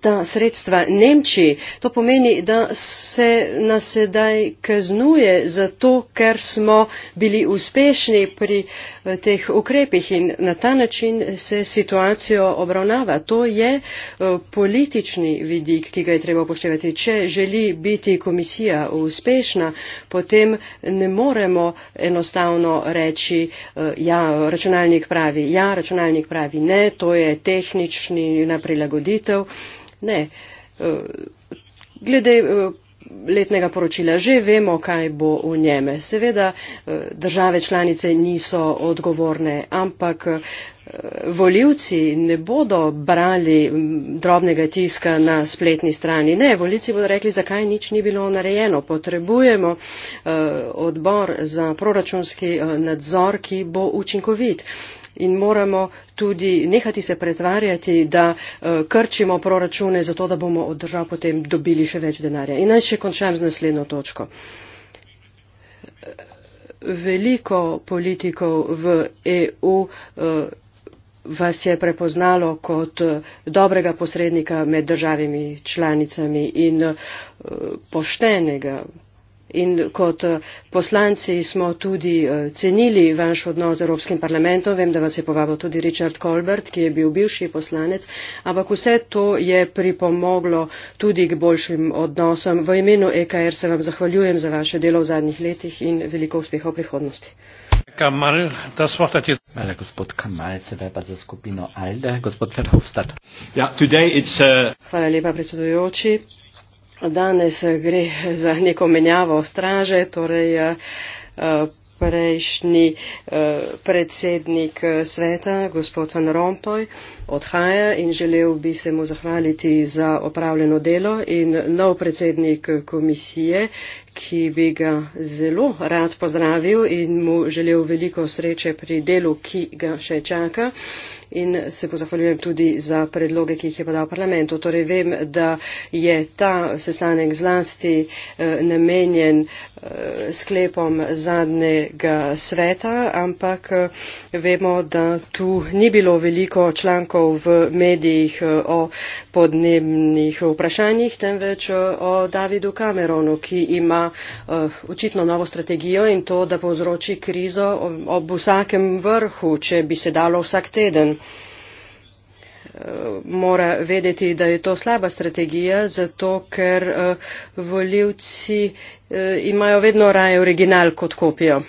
ta sredstva Nemčiji. To pomeni, da se nas sedaj kaznuje zato, ker smo bili uspešni pri uh, teh ukrepih in na ta način se situacijo obravnava. To je uh, politični vidik, ki ga je treba upoštevati. Če želi biti komisija uspešna, potem ne moremo enostavno reči, uh, ja, računajmo, računalnik pravi ja, računalnik pravi ne, to je tehnični naprilagoditev. Ne. Eh, glede eh, letnega poročila že vemo, kaj bo v njeme. Seveda eh, države članice niso odgovorne, ampak volivci ne bodo brali drobnega tiska na spletni strani. Ne, volivci bodo rekli, zakaj nič ni bilo narejeno. Potrebujemo eh, odbor za proračunski eh, nadzor, ki bo učinkovit. In moramo tudi nehati se pretvarjati, da eh, krčimo proračune, zato da bomo od držav potem dobili še več denarja. In naj še končam z naslednjo točko. Veliko politikov v EU eh, vas je prepoznalo kot eh, dobrega posrednika med državami članicami in eh, poštenega. In kot eh, poslanci smo tudi cenili vaš odnos z Evropskim parlamentom. Vem, da vas je povabil tudi Richard Colbert, ki je bil bivši poslanec. Ampak vse to je pripomoglo tudi k boljšim odnosom. V imenu EKR se vam zahvaljujem za vaše delo v zadnjih letih in veliko uspeha v prihodnosti.
Kamal, das Wort hat jetzt. Hvala, gospod Kamal, sedaj pa za skupino Alde, gospod Verhofstadt. Ja, today it's, uh...
Hvala lepa, predsedujoči. Danes gre za neko menjavo straže, torej uh, prejšnji eh, predsednik eh, sveta, gospod Van Rompuy, odhaja in želel bi se mu zahvaliti za opravljeno delo in nov predsednik komisije, ki bi ga zelo rad pozdravil in mu želel veliko sreče pri delu, ki ga še čaka in se pa zahvaljujem tudi za predloge, ki jih je podal parlamentu. Torej vem, da je ta sestanek zlasti eh, namenjen eh, sklepom zadnjega sveta, ampak eh, vemo, da tu ni bilo veliko člankov v medijih o podnebnih vprašanjih, temveč o Davidu Cameronu, ki ima očitno novo strategijo in to, da povzroči krizo ob vsakem vrhu, če bi se dalo vsak teden. Eh, mora vedeti, da je to slaba strategija, zato ker eh, voljivci eh, imajo vedno raje original kot kopijo.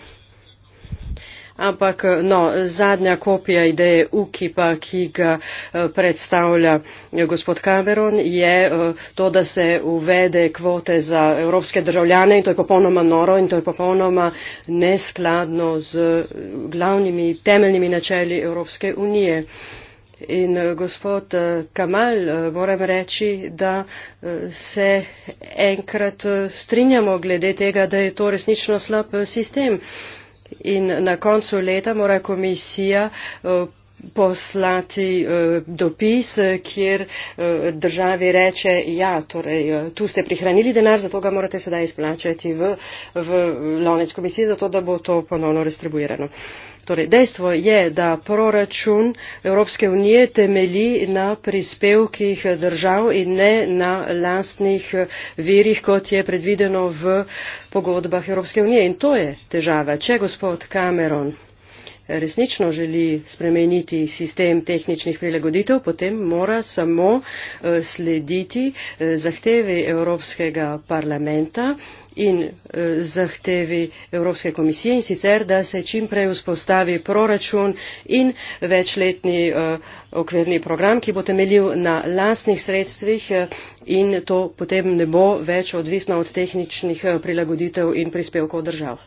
Ampak no, zadnja kopija ideje UKIP-a, ki ga predstavlja gospod Cameron, je to, da se uvede kvote za evropske državljane in to je popolnoma noro in to je popolnoma neskladno z glavnimi temeljnimi načeli Evropske unije. In eh, gospod eh, Kamal, eh, moram reči, da se enkrat strinjamo glede tega, da je to resnično slab sistem. In na koncu leta mora komisija poslati dopis, kjer državi reče, ja, torej, tu ste prihranili denar, zato ga morate sedaj izplačati v, v lonec komisije, zato da bo to ponovno distribuirano torej dejstvo je da proračun evropske unije temelji na prispevkih držav in ne na lastnih virih kot je predvideno v pogodbah evropske unije in to je težava če gospod cameron resnično želi spremeniti sistem tehničnih prilagoditev, potem mora samo eh, slediti eh, zahtevi Evropskega parlamenta in eh, zahtevi Evropske komisije in sicer, da se čim prej vzpostavi proračun in večletni eh, okvirni program, ki bo temeljil na lastnih sredstvih eh, in to potem ne bo več odvisno od tehničnih prilagoditev in prispevkov držav.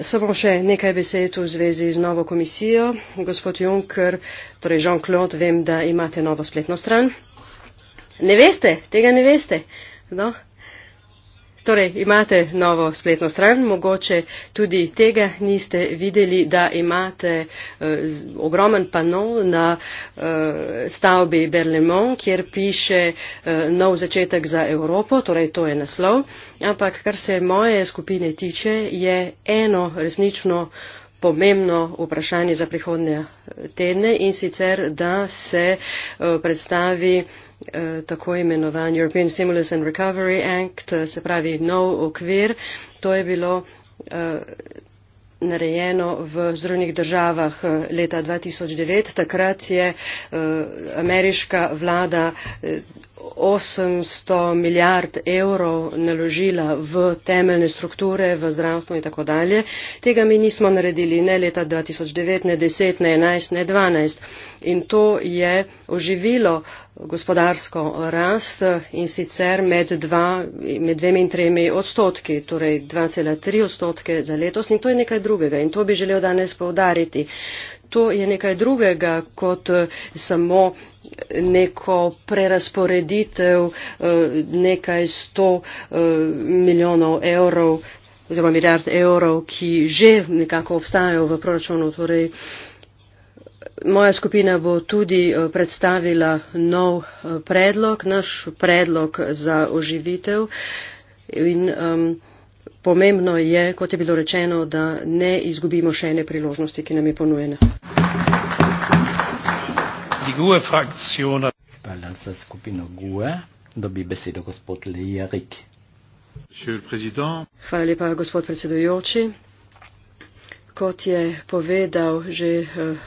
Samo še nekaj besed v zvezi z novo komisijo. Gospod Juncker, torej Jean-Claude, vem, da imate novo spletno stran. Ne veste, tega ne veste. No. Torej, imate novo spletno stran, mogoče tudi tega niste videli, da imate eh, ogromen panov na eh, stavbi Berlemont, kjer piše eh, nov začetek za Evropo, torej to je naslov. Ampak kar se moje skupine tiče, je eno resnično pomembno vprašanje za prihodnje tedne in sicer, da se eh, predstavi eh, Eh, tako imenovan European Stimulus and Recovery Act, eh, se pravi nov okvir. To je bilo eh, narejeno v Združenih državah leta 2009. Takrat je ameriška vlada osemsto milijard evrov naložila v temeljne strukture, v zdravstvo in tako dalje. Tega mi nismo naredili ne leta 2009, ne 10, ne 11, ne 12. In to je oživilo gospodarsko rast in sicer med, dva, med dvemi in tremi odstotki, torej 2,3 odstotke za letos in to je nekaj drugega in to bi želel danes povdariti. To je nekaj drugega kot samo neko prerasporeditev eh, nekaj sto eh, milijonov evrov oziroma milijard evrov, ki že nekako obstajajo v proračunu. Torej, moja skupina bo tudi eh, predstavila nov predlog, naš predlog za oživitev. In, um, pomembno je, kot je bilo rečeno, da ne izgubimo še ene priložnosti, ki nam je ponujena
di GUE fraktion. Poslanska skupina GUE dobi besedo gospod Lejarik.
Hvala lepa, gospod predsedujoči. Kot je povedal že eh,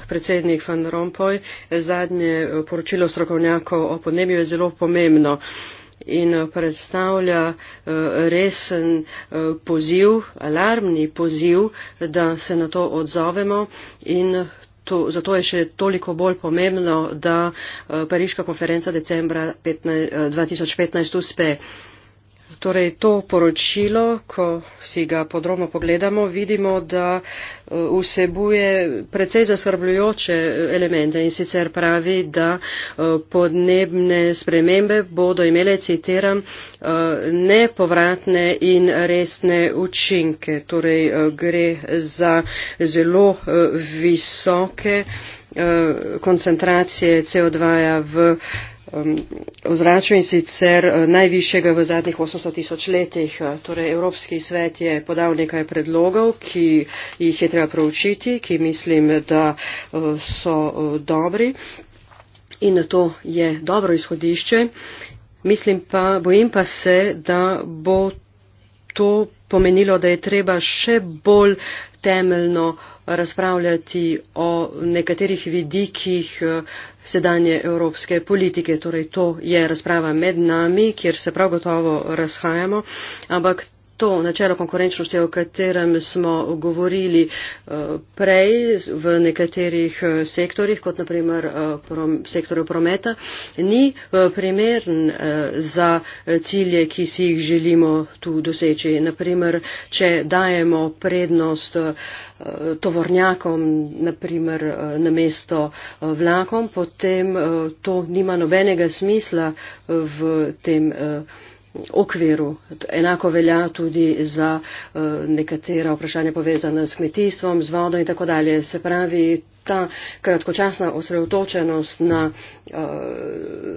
predsednik Van Rompuy, zadnje eh, poročilo strokovnjakov o podnebju je zelo pomembno in eh, predstavlja resen poziv, alarmni poziv, da se na to odzovemo in to, zato je še toliko bolj pomembno, da eh, pariška konferenca decembra 15, 2015 eh, uspe. Torej, to poročilo, ko si ga podrobno pogledamo, vidimo, da uh, vsebuje precej zaskrbljujoče uh, elemente in sicer pravi, da uh, podnebne spremembe bodo imele, citiram, nepovratne in resne učinke. Torej, gre za zelo visoke koncentracije CO2 v Um, ozračju in sicer uh, najvišjega v zadnjih 800 tisoč letih. Uh, torej, Evropski svet je podal nekaj predlogov, ki jih je treba proučiti, ki mislim, da uh, so dobri in to je dobro izhodišče. Mislim pa, bojim pa se, da bo to pomenilo, da je treba še bolj temeljno razpravljati o nekaterih vidikih eh, sedanje evropske politike. Torej, to je razprava med nami, kjer se prav gotovo razhajamo, ampak to načelo konkurenčnosti, o katerem smo govorili eh, prej v nekaterih eh, sektorjih, kot naprimer eh, sektorju prometa, ni primern za cilje, ki si jih želimo tu doseči. Naprimer, če dajemo prednost tovornjakom, naprimer na mesto vlakom, potem to nima nobenega smisla v tem okviru. Enako velja tudi za eh, nekatera vprašanja povezana s kmetijstvom, z vodo in tako dalje. Se pravi, ta kratkočasna osredotočenost na eh,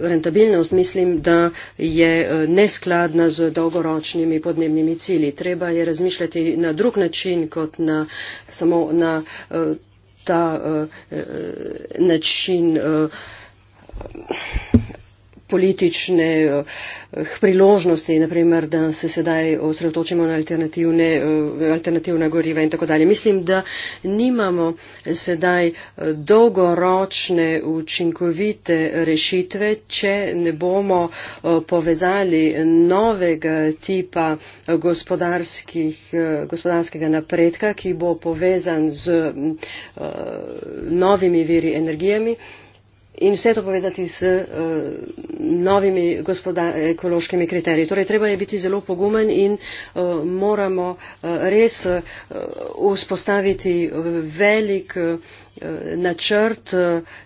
rentabilnost mislim, da je eh, neskladna z dolgoročnimi podnebnimi cilji. Treba je razmišljati na drug način, kot na, samo na ta način politične uh, priložnosti, naprimer, da se sedaj osredotočimo na alternativne, uh, alternativna goriva in tako dalje. Mislim, da nimamo sedaj eh, dolgoročne učinkovite rešitve, če ne bomo uh, povezali novega tipa uh, gospodarskega napredka, ki bo povezan z uh, novimi viri energijami. Uh, in vse to povezati z uh, novimi ekološkimi kriteriji. Torej, treba je biti zelo pogumen in uh, moramo uh, res uh, vzpostaviti velik uh, načrt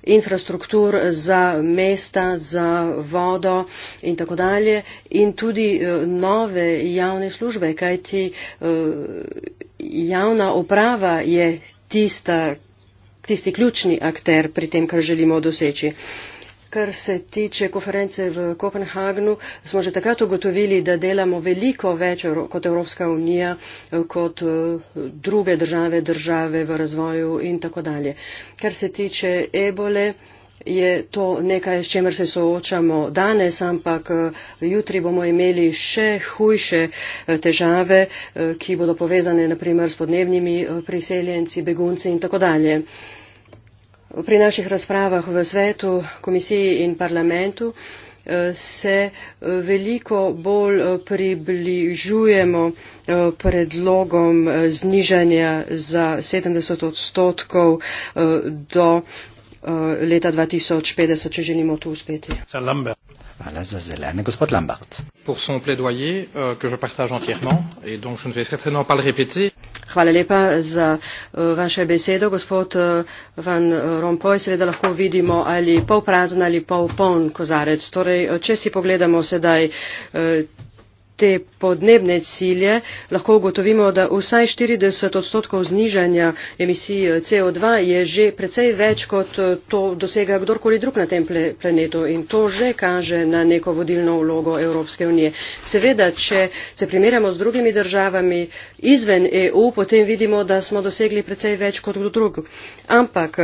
infrastruktur za mesta, za vodo in tako dalje in tudi nove javne službe, kajti javna uprava je tista, tisti ključni akter pri tem, kar želimo doseči. Kar se tiče konference v Kopenhagnu, smo že takrat ugotovili, da delamo veliko več kot Evropska unija, kot druge države, države v razvoju in tako dalje. Kar se tiče ebole, je to nekaj, s čemer se soočamo danes, ampak eh, jutri bomo imeli še hujše eh, težave, eh, ki bodo povezane naprimer s podnebnimi priseljenci, begunci in tako dalje. Pri naših razpravah v svetu, komisiji in parlamentu se veliko bolj približujemo predlogom znižanja za 70 odstotkov do Eh, leta 2050, če želimo to
uspeti. Hvala za zelene, gospod Lambert. Euh,
Hvala lepa za eh, vaše besedo, gospod eh, Van Rompuy. Seveda lahko vidimo ali pol prazen ali pol poln kozarec. Torej, če si pogledamo sedaj te podnebne cilje, lahko ugotovimo, da vsaj 40 odstotkov znižanja emisij CO2 je že precej več, kot to dosega kdorkoli drug na tem planetu in to že kaže na neko vodilno vlogo Evropske unije. Seveda, če se primerjamo z drugimi državami izven EU, potem vidimo, da smo dosegli precej več kot kdo drug. Ampak,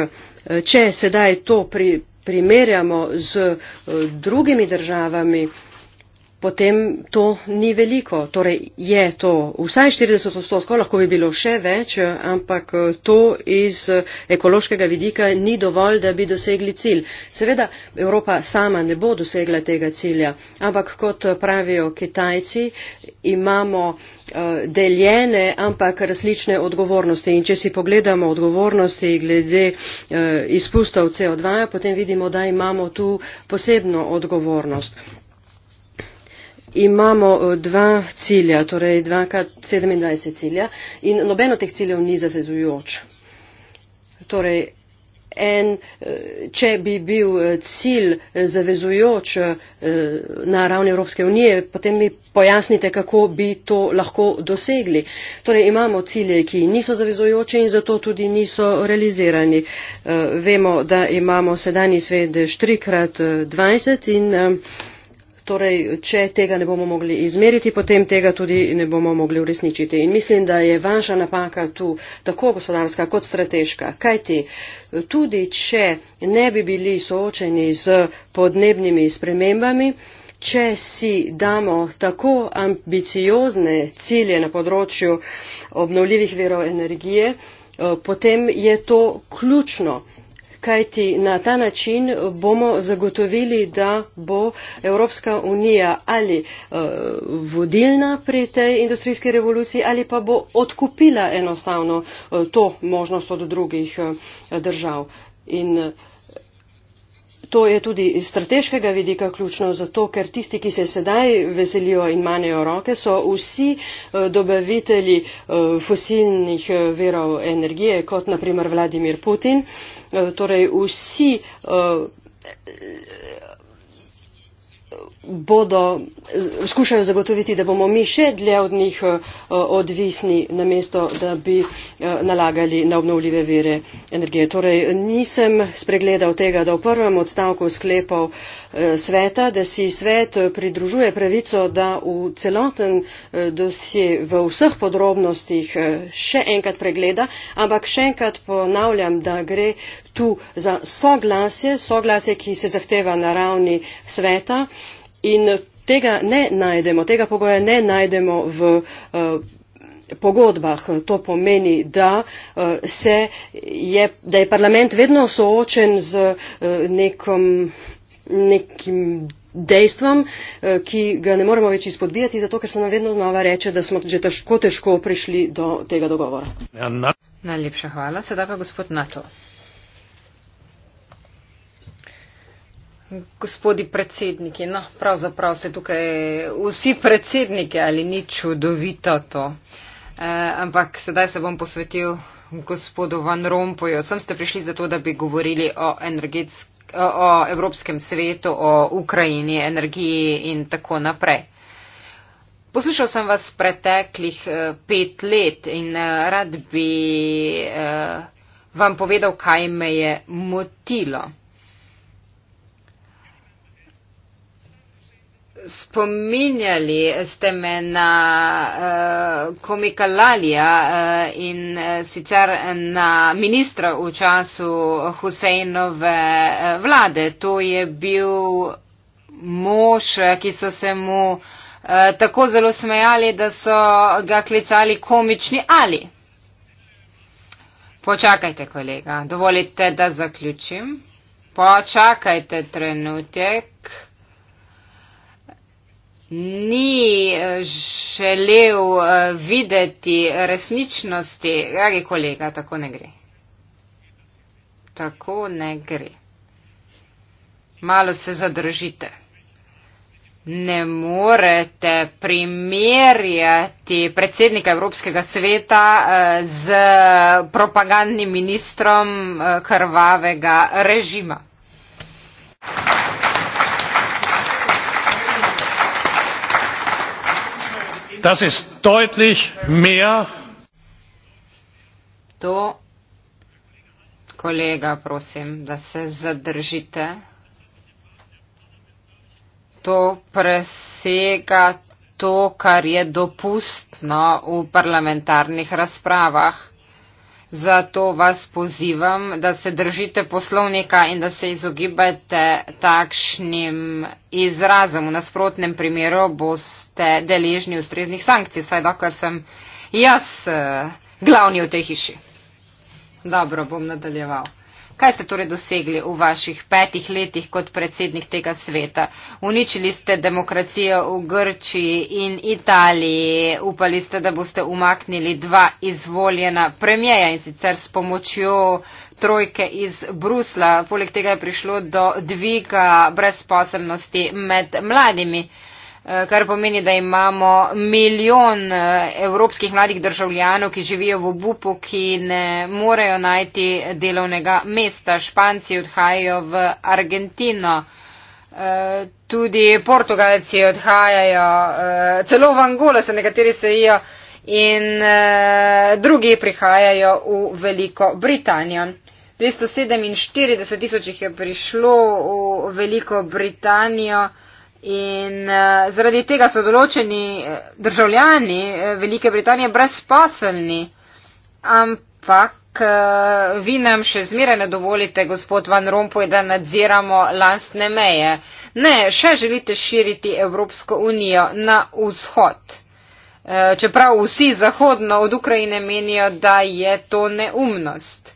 če sedaj to pri, primerjamo z eh, drugimi državami, potem to ni veliko. Torej je to vsaj 40 odstotkov, lahko bi bilo še več, ampak to iz ekološkega vidika ni dovolj, da bi dosegli cilj. Seveda Evropa sama ne bo dosegla tega cilja, ampak kot pravijo Kitajci, imamo eh, deljene, ampak različne odgovornosti. In če si pogledamo odgovornosti glede eh, izpustov CO2, potem vidimo, da imamo tu posebno odgovornost imamo eh, dva cilja, torej 2,27 cilja in nobeno teh ciljev ni zavezujoč. Torej, en, eh, če bi bil eh, cilj zavezujoč na ravni Evropske unije, potem mi pojasnite, kako bi to lahko dosegli. Torej, imamo cilje, ki niso zavezujoče in zato tudi niso realizirani. Vemo, da imamo sedajni svet štrikrat 20 in Torej, če tega ne bomo mogli izmeriti, potem tega tudi ne bomo mogli uresničiti. In mislim, da je vaša napaka tu tako gospodarska kot strateška. Kajti, tudi če ne bi bili soočeni z podnebnimi spremembami, če si damo tako ambiciozne cilje na področju obnovljivih verov energije, eh, potem je to ključno kajti na ta način bomo zagotovili, da bo Evropska unija ali eh, vodilna pri tej industrijski revoluciji ali pa bo odkupila enostavno eh, to možnost od drugih eh, držav. In to je tudi iz strateškega vidika ključno zato ker tisti ki se sedaj veselijo in manejo roke so vsi eh, dobavitelji eh, fosilnih eh, verov energije kot naprimer vladimir putin torej vsi bodo, skušajo zagotoviti, da bomo mi še dlje od njih eh, odvisni, namesto da bi eh, nalagali na obnovljive vire energije. Torej, nisem spregledal tega, da v prvem odstavku sklepov eh, sveta, da si svet pridružuje pravico, da v celoten dosje v vseh podrobnostih še enkrat pregleda, ampak še enkrat ponavljam, da gre tu za soglasje, soglasje, ki se zahteva na ravni sveta. In tega ne najdemo, tega pogoja ne najdemo v. Uh, Pogodbah to pomeni, da, eh, se, je, da je parlament vedno soočen z eh, nekom, nekim dejstvom, ki ga ne moremo več izpodbijati, zato ker se nam vedno znova reče, da smo že težko, težko prišli do tega dogovora. Ja, na... Najlepša hvala. Sedaj pa
gospod Nato. gospodi predsedniki, no, pravzaprav se tukaj vsi predsedniki ali ni čudovito to. E, ampak sedaj se bom posvetil gospodu Van Rompuju. Sem ste prišli zato, da bi govorili o, o Evropskem svetu, o Ukrajini, energiji in tako naprej. Poslušal sem vas preteklih eh, pet let in eh, rad bi vam povedal, kaj me je motilo. spominjali ste me na uh, eh, komika Lalija uh, eh, in uh, sicer na ministra v času Huseinove uh, vlade. To je bil mož, ki so se mu uh, tako zelo smejali, da so ga klicali komični ali. Počakajte, kolega, dovolite, da zaključim. Počakajte trenutek ni eh, želel eh, videti resničnosti, dragi kolega, tako ne gre. Tako ne gre. Malo se zadržite. Ne morete primerjati predsednika Evropskega sveta eh, z propagandnim ministrom krvavega režima.
das ist deutlich mehr.
To, kolega, prosim, da se zadržite. To presega to, kar je dopustno v parlamentarnih razpravah. Zato vas pozivam, da se držite poslovnika in da se izogibate takšnim izrazom. V nasprotnem primeru boste deležni ustreznih sankcij, saj dokler sem jaz eh, glavni v tej hiši. Dobro, bom nadaljeval. Kaj ste torej dosegli v vaših petih letih kot predsednik tega sveta? Uničili ste demokracijo v Grčiji in Italiji, upali ste, da boste umaknili dva izvoljena premjeja in sicer s pomočjo trojke iz Brusla. Poleg tega je prišlo do dviga brezposelnosti med mladimi. Eh, kar pomeni, da imamo milijon eh, evropskih mladih državljanov, ki živijo v obupu, ki ne morejo najti delovnega mesta. Španci odhajajo v Argentino, eh, tudi Portugalci odhajajo, celo v Angolo se nekateri sejijo in drugi prihajajo v Veliko Britanijo. 247 tisoč jih je prišlo v Veliko Britanijo. In uh, zaradi tega so določeni eh, državljani eh, Velike Britanije brezposelni. Ampak uh, vi nam še zmeraj ne dovolite, gospod Van Rompuy, da nadziramo lastne meje. Ne, še želite širiti Evropsko unijo na vzhod. Čeprav vsi zahodno od Ukrajine menijo, da je to neumnost.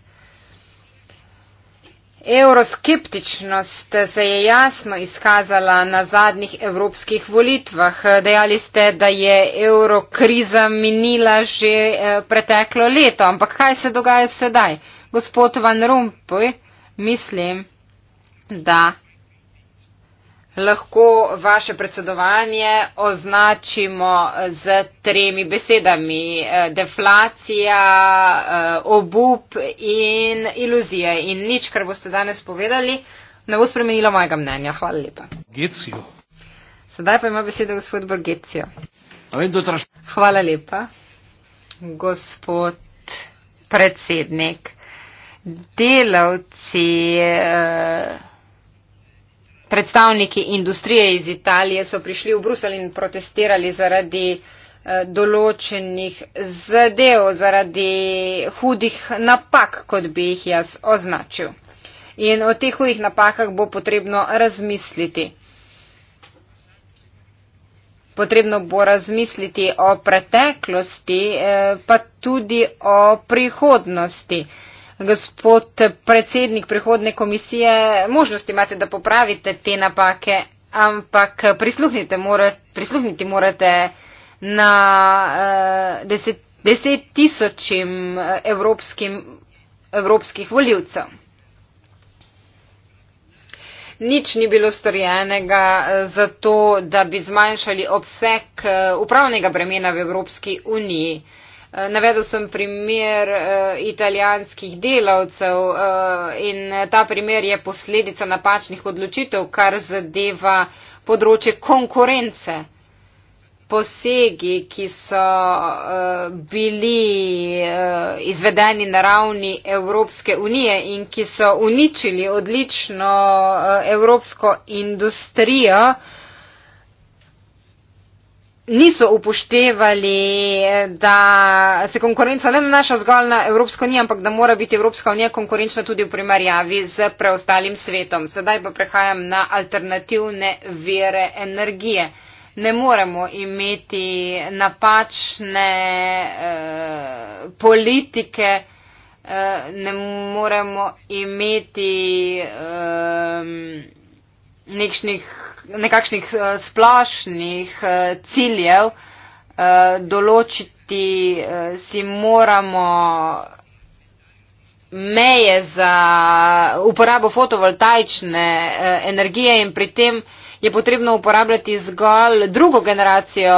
Euroskeptičnost se je jasno izkazala na zadnjih evropskih volitvah. Dejali ste, da je eurokriza minila že eh, preteklo leto, ampak kaj se dogaja sedaj? Gospod Van Rompuy, mislim, da lahko vaše predsedovanje označimo z tremi besedami. Eh, deflacija, eh, obup in iluzije. In nič, kar boste danes povedali, ne bo spremenilo mojega mnenja. Hvala lepa. Getzio. Sedaj pa ima besedo gospod Borgetzio. Hvala lepa, gospod predsednik. Delavci. Uh, Predstavniki industrije iz Italije so prišli v Brusel in protestirali zaradi eh, določenih zadev, zaradi hudih napak, kot bi jih jaz označil. In o teh hudih napakah bo potrebno razmisliti. Potrebno bo razmisliti o preteklosti, eh, pa tudi o prihodnosti gospod predsednik prehodne komisije, možnosti imate, da popravite te napake, ampak prisluhnite, morate, prisluhniti morate na eh, deset, deset tisočim eh, evropskim, evropskih voljivcev. Nič ni bilo storjenega eh, za to, da bi zmanjšali obseg upravnega bremena v Evropski uniji. Uh, Eh, navedel sem primer eh, italijanskih delavcev eh, in ta primer je posledica napačnih odločitev, kar zadeva področje konkurence. Posegi, ki so bili izvedeni na ravni Evropske unije in ki so uničili odlično evropsko industrijo, niso upoštevali, da se konkurenca ne nanaša zgolj na Evropsko unijo, ampak da mora biti Evropska unija konkurenčna tudi v primerjavi z preostalim svetom. Sedaj pa prehajam na alternativne vere energije. Ne moremo imeti napačne eh, politike, eh, ne moremo imeti eh, nekšnih eh, nekakšnih eh, splošnih eh, ciljev eh, določiti si moramo meje za uporabo fotovoltaične energije in pri tem je potrebno uporabljati zgolj drugo generacijo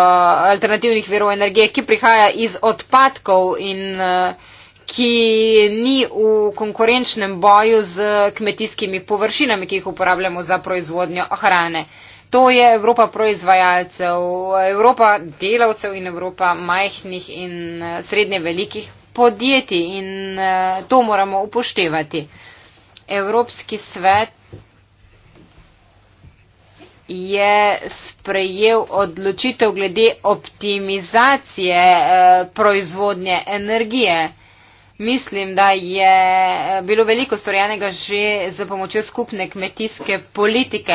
alternativnih virov energije, ki prihaja iz odpadkov in uh, ki ni v konkurenčnem boju z kmetijskimi površinami, ki jih uporabljamo za proizvodnjo hrane. To je Evropa proizvajalcev, Evropa delavcev in Evropa majhnih in eh, srednje velikih podjetij in eh, to moramo upoštevati. Evropski svet je sprejel odločitev glede optimizacije eh, proizvodnje energije. Mislim, da je eh, bilo veliko storjenega že za pomočjo skupne kmetijske politike.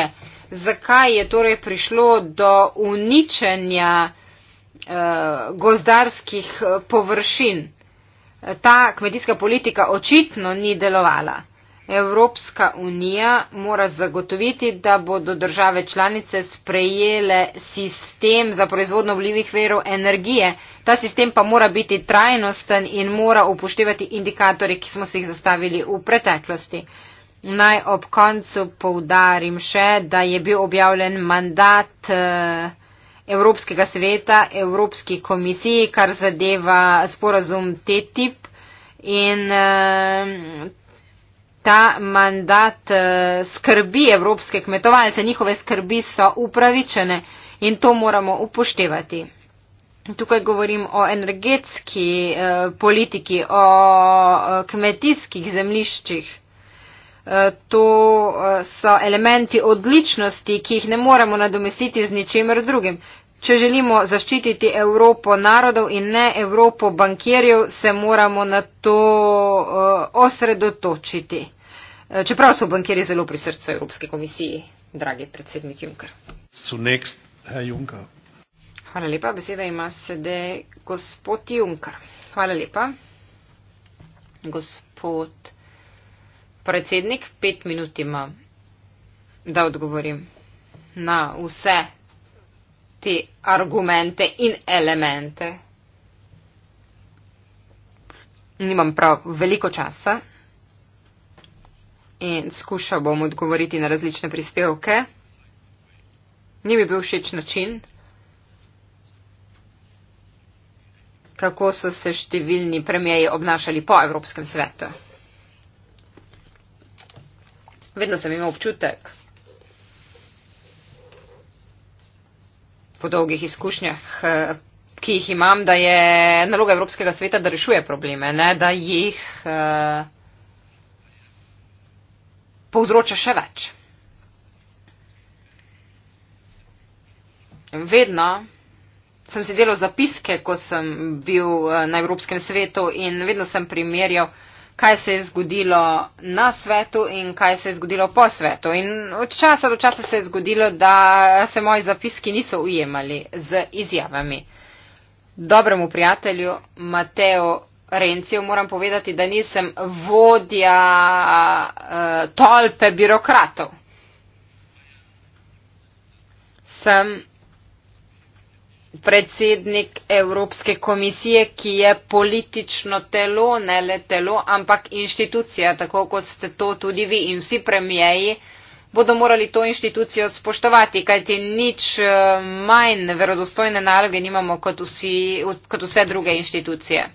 Zakaj je torej prišlo do uničenja eh, gozdarskih eh, površin? Ta kmetijska politika očitno ni delovala. Evropska unija mora zagotoviti, da bodo države članice sprejele sistem za proizvodno obljivih verov energije. Ta sistem pa mora biti trajnosten in mora upoštevati indikatorje, ki smo si jih zastavili v preteklosti. Naj ob koncu poudarim še, da je bil objavljen mandat eh, Evropskega sveta, Evropski komisiji, kar zadeva sporazum TTIP in eh, ta mandat eh, skrbi evropske kmetovalce, njihove skrbi so upravičene in to moramo upoštevati. Tukaj govorim o energetski eh, politiki, o eh, kmetijskih zemliščih. Eh, to eh, so elementi odličnosti, ki jih ne moremo nadomestiti z ničemer drugim. Če želimo zaščititi Evropo narodov in ne Evropo bankirjev, se moramo na to eh, osredotočiti. Eh, čeprav so bankirji zelo pri srcu Evropske komisiji, dragi predsednik Juncker. Zunekst, herr Juncker. Hvala lepa. Beseda ima sedaj gospod Junkar. Hvala lepa. Gospod predsednik, pet minut ima, da odgovorim na vse te argumente in elemente. Nimam prav veliko časa in skušal bom odgovoriti na različne prispevke. Ni mi bil všeč način, kako so se številni premijeji obnašali po Evropskem svetu. Vedno sem imel občutek po dolgih izkušnjah, eh, ki jih imam, da je naloga Evropskega sveta, da rešuje probleme, ne? da jih uh, povzroča še več. Vedno sem si delal zapiske, ko sem bil eh, na Evropskem svetu in vedno sem primerjal, kaj se je zgodilo na svetu in kaj se je zgodilo po svetu. In od časa do časa se je zgodilo, da se moji zapiski niso ujemali z izjavami. Dobremu prijatelju Mateo Rencijo moram povedati, da nisem vodja eh, tolpe birokratov. Sem predsednik Evropske komisije, ki je politično telo, ne le telo, ampak inštitucija, tako kot ste to tudi vi in vsi premijeji, bodo morali to inštitucijo spoštovati, kajti nič eh, manj verodostojne naloge nimamo kot, vsi, kot vse druge inštitucije.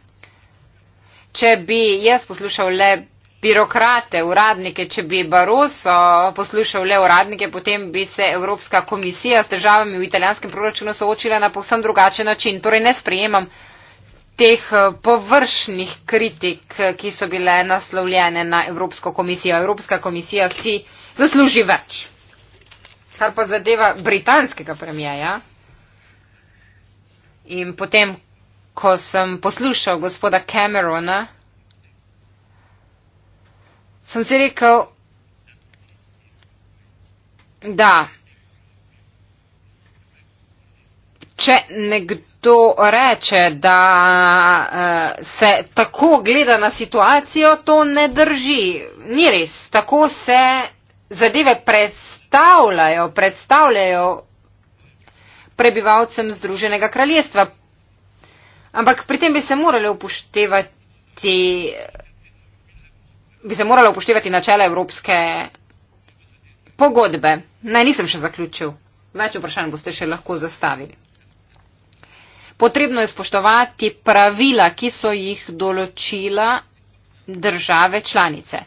Če bi jaz poslušal le birokrate, uradnike, če bi Barroso poslušal le uradnike, potem bi se Evropska komisija s državami v italijanskem proračunu soočila na povsem drugačen način. Torej ne sprejemam teh eh, površnih kritik, eh, ki so bile naslovljene na Evropsko komisijo. Evropska komisija si zasluži več. Kar pa zadeva britanskega premijeja. In potem, ko sem poslušal gospoda Camerona, sem si rekel, da če nekdo reče, da uh, se tako gleda na situacijo, to ne drži. Ni res, tako se zadeve predstavljajo, predstavljajo prebivalcem Združenega kraljestva. Ampak pri tem bi se morali upoštevati. Uh, bi se moralo upoštevati načela evropske pogodbe. Naj nisem še zaključil. Več vprašanj boste še lahko zastavili. Potrebno je spoštovati pravila, ki so jih določila države članice.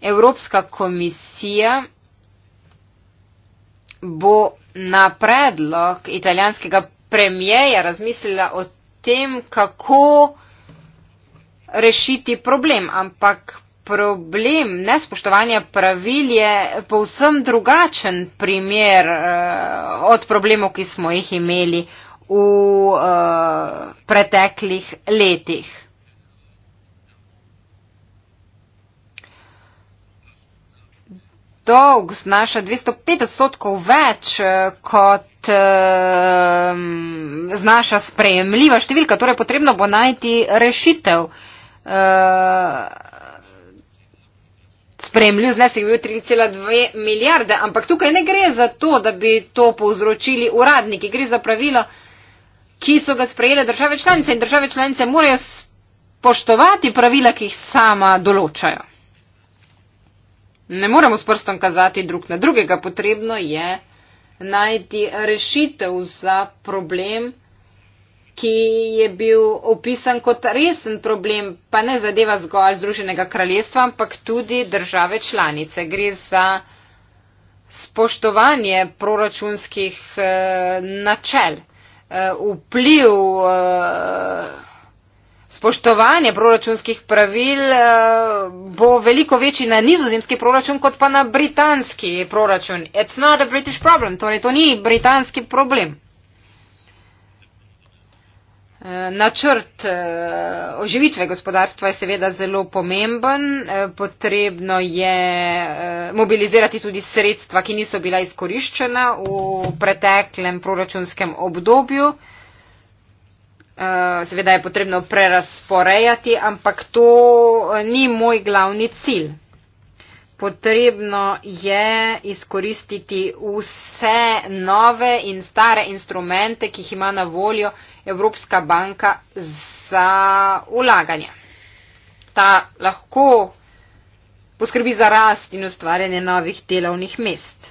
Evropska komisija bo na predlog italijanskega premijeja razmislila o tem, kako rešiti problem, ampak problem nespoštovanja pravil je povsem drugačen primer uh, od problemov, ki smo jih imeli v uh, preteklih letih. dolg znaša 205 odstotkov več eh, kot eh, znaša sprejemljiva številka, torej potrebno bo najti rešitev. Eh, sprejemljiv znesek je bil 3,2 milijarde, ampak tukaj ne gre za to, da bi to povzročili uradniki, gre za pravila, ki so ga sprejele države članice in države članice morajo spoštovati pravila, ki jih sama določajo ne moremo s prstom kazati drug na drugega, potrebno je najti rešitev za problem, ki je bil opisan kot resen problem, pa ne zadeva zgolj Združenega kraljestva, ampak tudi države članice. Gre za spoštovanje proračunskih eh, načel, eh, vpliv. Eh, spoštovanje proračunskih pravil eh, bo veliko večji na nizozemski proračun, kot pa na britanski proračun. It's not a British problem, torej to ni britanski problem. Eh, načrt eh, oživitve gospodarstva je seveda zelo pomemben, potrebno je mobilizirati tudi sredstva, ki niso bila izkoriščena v preteklem proračunskem obdobju. Eh, seveda je potrebno prerasporejati, ampak to eh, ni moj glavni cilj. Potrebno je izkoristiti vse nove in stare instrumente, ki jih ima na voljo Evropska banka za ulaganje. Ta lahko poskrbi za rast in ustvarjanje novih delovnih mest.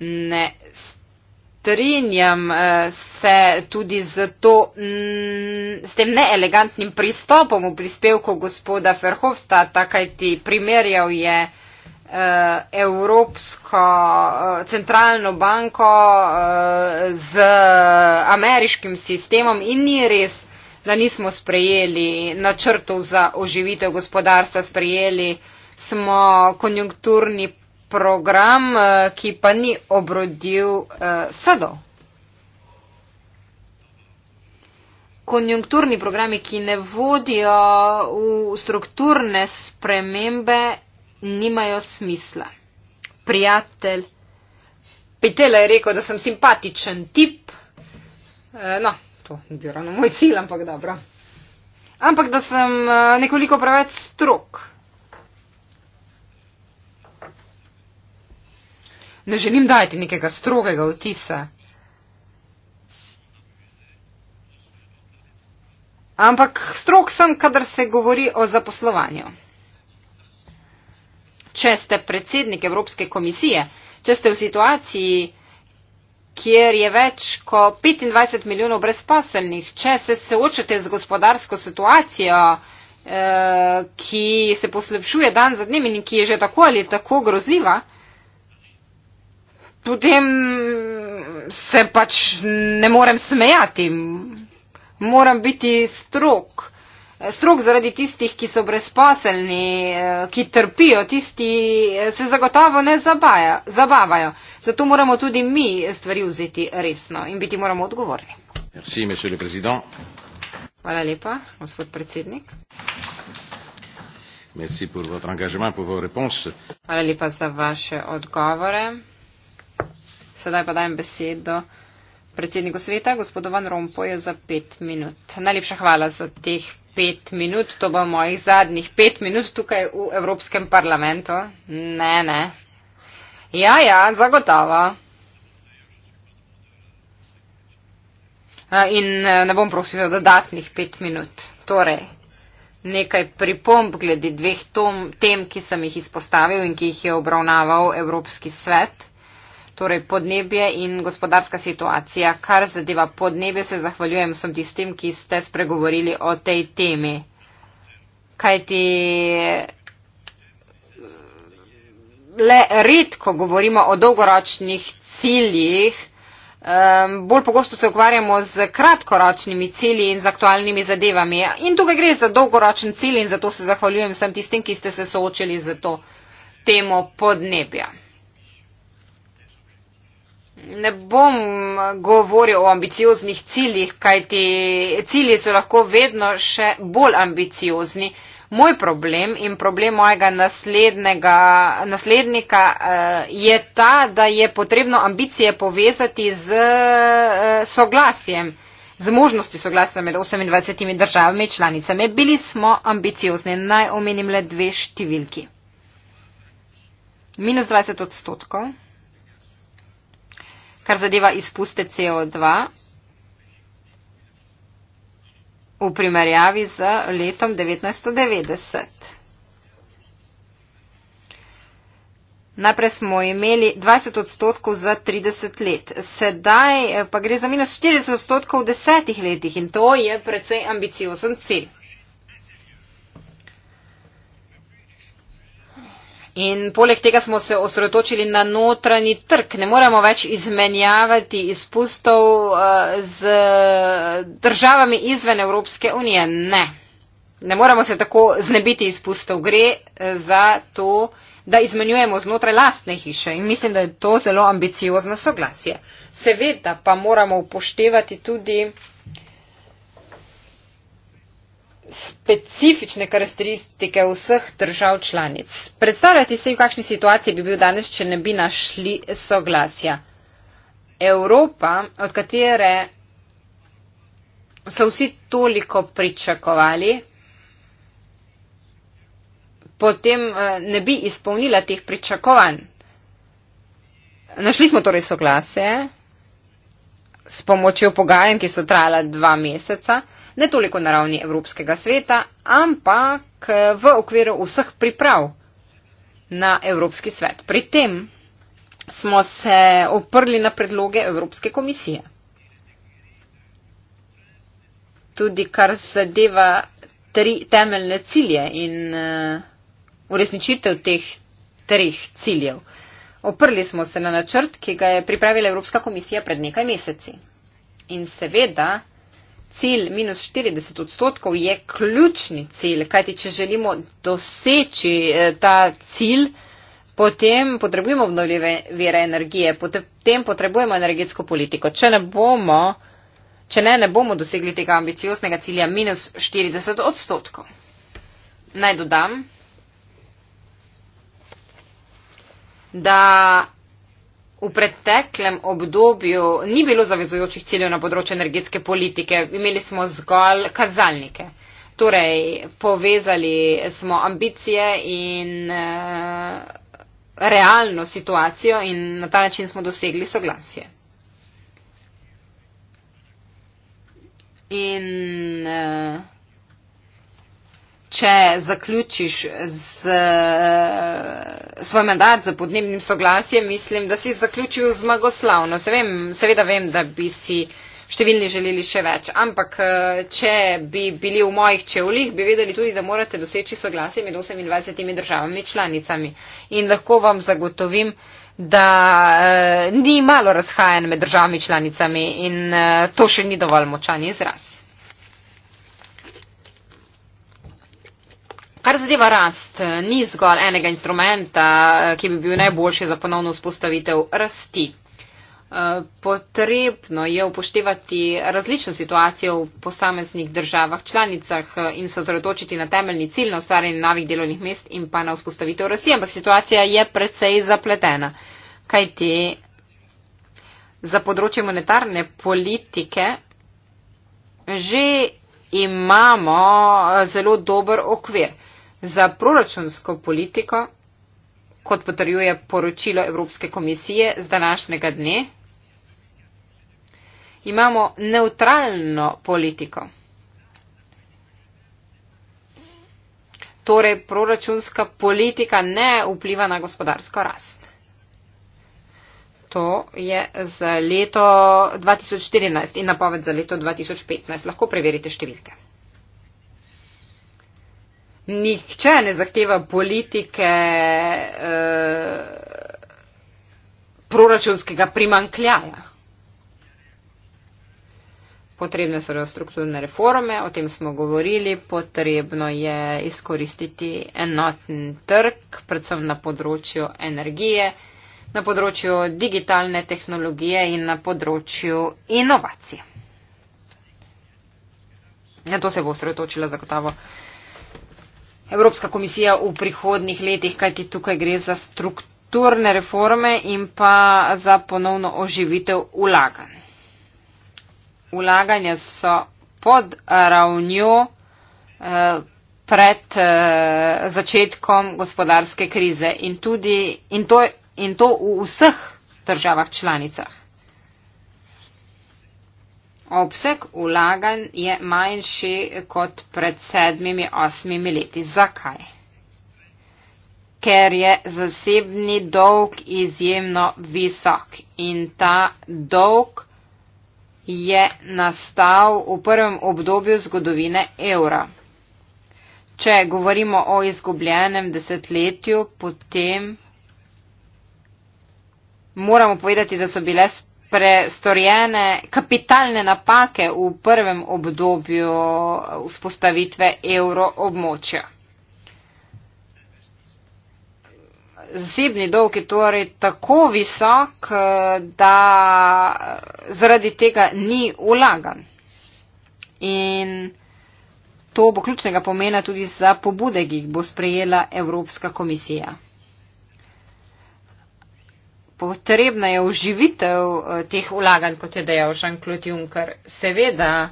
ne strinjam eh, se tudi z, to, s tem neelegantnim pristopom v prispevku gospoda Ferhovstata, kaj ti primerjal je eh, Evropsko eh, centralno banko z ameriškim sistemom in ni res da nismo sprejeli načrtov za oživitev gospodarstva, sprejeli smo konjunkturni program, eh, ki pa ni obrodil eh, sadov. Konjunkturni programi, ki ne vodijo v strukturne spremembe, nimajo smisla. Prijatelj, Pitela je rekel, da sem simpatičen tip. Eh, no, to ni bil ravno moj cilj, ampak dobro. Ampak da sem nekoliko preveč strok. Ne želim dajati nekega strogega vtisa. Ampak strok sem, kadar se govori o zaposlovanju. Če ste predsednik Evropske komisije, če ste v situaciji, kjer je več kot 25 milijonov brezposelnih, če se soočate z gospodarsko situacijo, eh, ki se poslepšuje dan za dnem in ki je že tako ali tako grozljiva, potem se pač ne morem smejati. Moram biti strok. Strok zaradi tistih, ki so brezposelni, eh, ki trpijo, tisti eh, se zagotovo ne zabaja, zabavajo. Zato moramo tudi mi stvari vzeti resno in biti moramo odgovorni. Merci, Hvala lepa, gospod predsednik.
Merci pour votre pour vos
Hvala lepa za vaše odgovore. Sedaj pa dajem besedo predsedniku sveta, gospodu Van Rompoju, za pet minut. Najlepša hvala za teh pet minut. To bo mojih zadnjih pet minut tukaj v Evropskem parlamentu. Ne, ne. Ja, ja, zagotovo. In eh, ne bom prosil za dodatnih pet minut. Torej, nekaj pripomb glede dveh tom, tem, ki sem jih izpostavil in ki jih je obravnaval Evropski svet. Torej, podnebje in gospodarska situacija. Kar zadeva podnebje, se zahvaljujem vsem tistim, ki ste spregovorili o tej temi. Kaj ti le redko govorimo o dolgoročnih ciljih, um, bolj pogosto se ukvarjamo z kratkoročnimi cilji in z aktualnimi zadevami. In tukaj gre za dolgoročen cilj in zato se zahvaljujem vsem tistim, ki ste se soočili z to temo podnebja ne bom govoril o ambicioznih ciljih, kajti cilji so lahko vedno še bolj ambiciozni. Moj problem in problem mojega naslednika eh, je ta, da je potrebno ambicije povezati z eh, soglasjem, z možnosti soglasja med 28 državami članicami. Bili smo ambiciozni, naj omenim le dve številki. Minus 20 odstotkov kar zadeva izpuste CO2 v primerjavi z letom 1990. Naprej smo imeli 20 odstotkov za 30 let, sedaj pa gre za minus 40 odstotkov v desetih letih in to je precej ambiciozen cilj. In poleg tega smo se osredotočili na notranji trg. Ne moremo več izmenjavati izpustov eh, z državami izven Evropske unije. Ne. Ne moramo se tako znebiti izpustov. Gre eh, za to, da izmenjujemo znotraj lastne hiše. In mislim, da je to zelo ambiciozno soglasje. Seveda pa moramo upoštevati tudi specifične karakteristike vseh držav članic. Predstavljati se, v kakšni situaciji bi bil danes, če ne bi našli soglasja. Evropa, od katere so vsi toliko pričakovali, potem eh, ne bi izpolnila teh pričakovanj. Našli smo torej soglasje s pomočjo pogajanj, ki so trajala dva meseca ne toliko na ravni Evropskega sveta, ampak eh, v okviru vseh priprav na Evropski svet. Pri tem smo se oprli na predloge Evropske komisije. Tudi kar zadeva tri temeljne cilje in eh, uresničitev teh treh ciljev. Oprli smo se na načrt, ki ga je pripravila Evropska komisija pred nekaj meseci. In seveda, cilj minus 40 odstotkov je ključni cilj, kajti če želimo doseči eh, ta cilj, potem potrebujemo obnovljive vire energije, potem potrebujemo energetsko politiko. Če ne bomo, če ne, ne bomo dosegli tega ambicioznega cilja minus 40 odstotkov. Naj dodam, da V preteklem obdobju ni bilo zavezujočih ciljev na področju energetske politike, imeli smo zgolj kazalnike. Torej, povezali smo ambicije in e, realno situacijo in na ta način smo dosegli soglasje. In e, če zaključiš z, eh, svoj mandat za podnebnim soglasjem, mislim, da si zaključil zmagoslavno. Se vem, seveda vem, da bi si številni želeli še več, ampak eh, če bi bili v mojih čevlih, bi vedeli tudi, da morate doseči soglasje med 28 državami članicami. In lahko vam zagotovim, da eh, ni malo razhajanj med državami članicami in eh, to še ni dovolj močan izraz. Kar zadeva rast, ni zgolj enega instrumenta, eh, ki bi bil najboljši za ponovno vzpostavitev rasti. Eh, potrebno je upoštevati različno situacijo v posameznih državah članicah eh, in se osredotočiti na temeljni cilj na ustvarjanje novih delovnih mest in pa na vzpostavitev rasti, ampak situacija je precej zapletena. Kaj ti za področje monetarne politike že imamo zelo dober okvir? za proračunsko politiko, kot potrjuje poročilo Evropske komisije z današnjega dne, imamo neutralno politiko. Torej, proračunska politika ne vpliva na gospodarsko rast. To je za leto 2014 in napoved za leto 2015. Lahko preverite številke nihče ne zahteva politike eh, proračunskega primankljaja. Potrebne so strukturne reforme, o tem smo govorili, potrebno je izkoristiti enoten trg, predvsem na področju energije, na področju digitalne tehnologije in na področju inovacij. Na ja, to se bo osredotočila zagotavljanje. Evropska komisija v prihodnih letih, kajti tukaj gre za strukturne reforme in pa za ponovno oživitev ulaganj. Ulaganja so pod ravnjo eh, pred eh, začetkom gospodarske krize in, tudi, in, to, in to v vseh državah članicah. Obseg ulaganj je manjši kot pred sedmimi, osmimi leti. Zakaj? Ker je zasebni dolg izjemno visok in ta dolg je nastal v prvem obdobju zgodovine evra. Če govorimo o izgubljenem desetletju, potem moramo povedati, da so bile prestorjene kapitalne napake v prvem obdobju vzpostavitve evroobmočja. Zibni dolg je torej tako visok, da zaradi tega ni ulagan. In to bo ključnega pomena tudi za pobude, ki jih bo sprejela Evropska komisija potrebna je uživitev eh, teh ulaganj, kot je dejal Jean-Claude Juncker. Seveda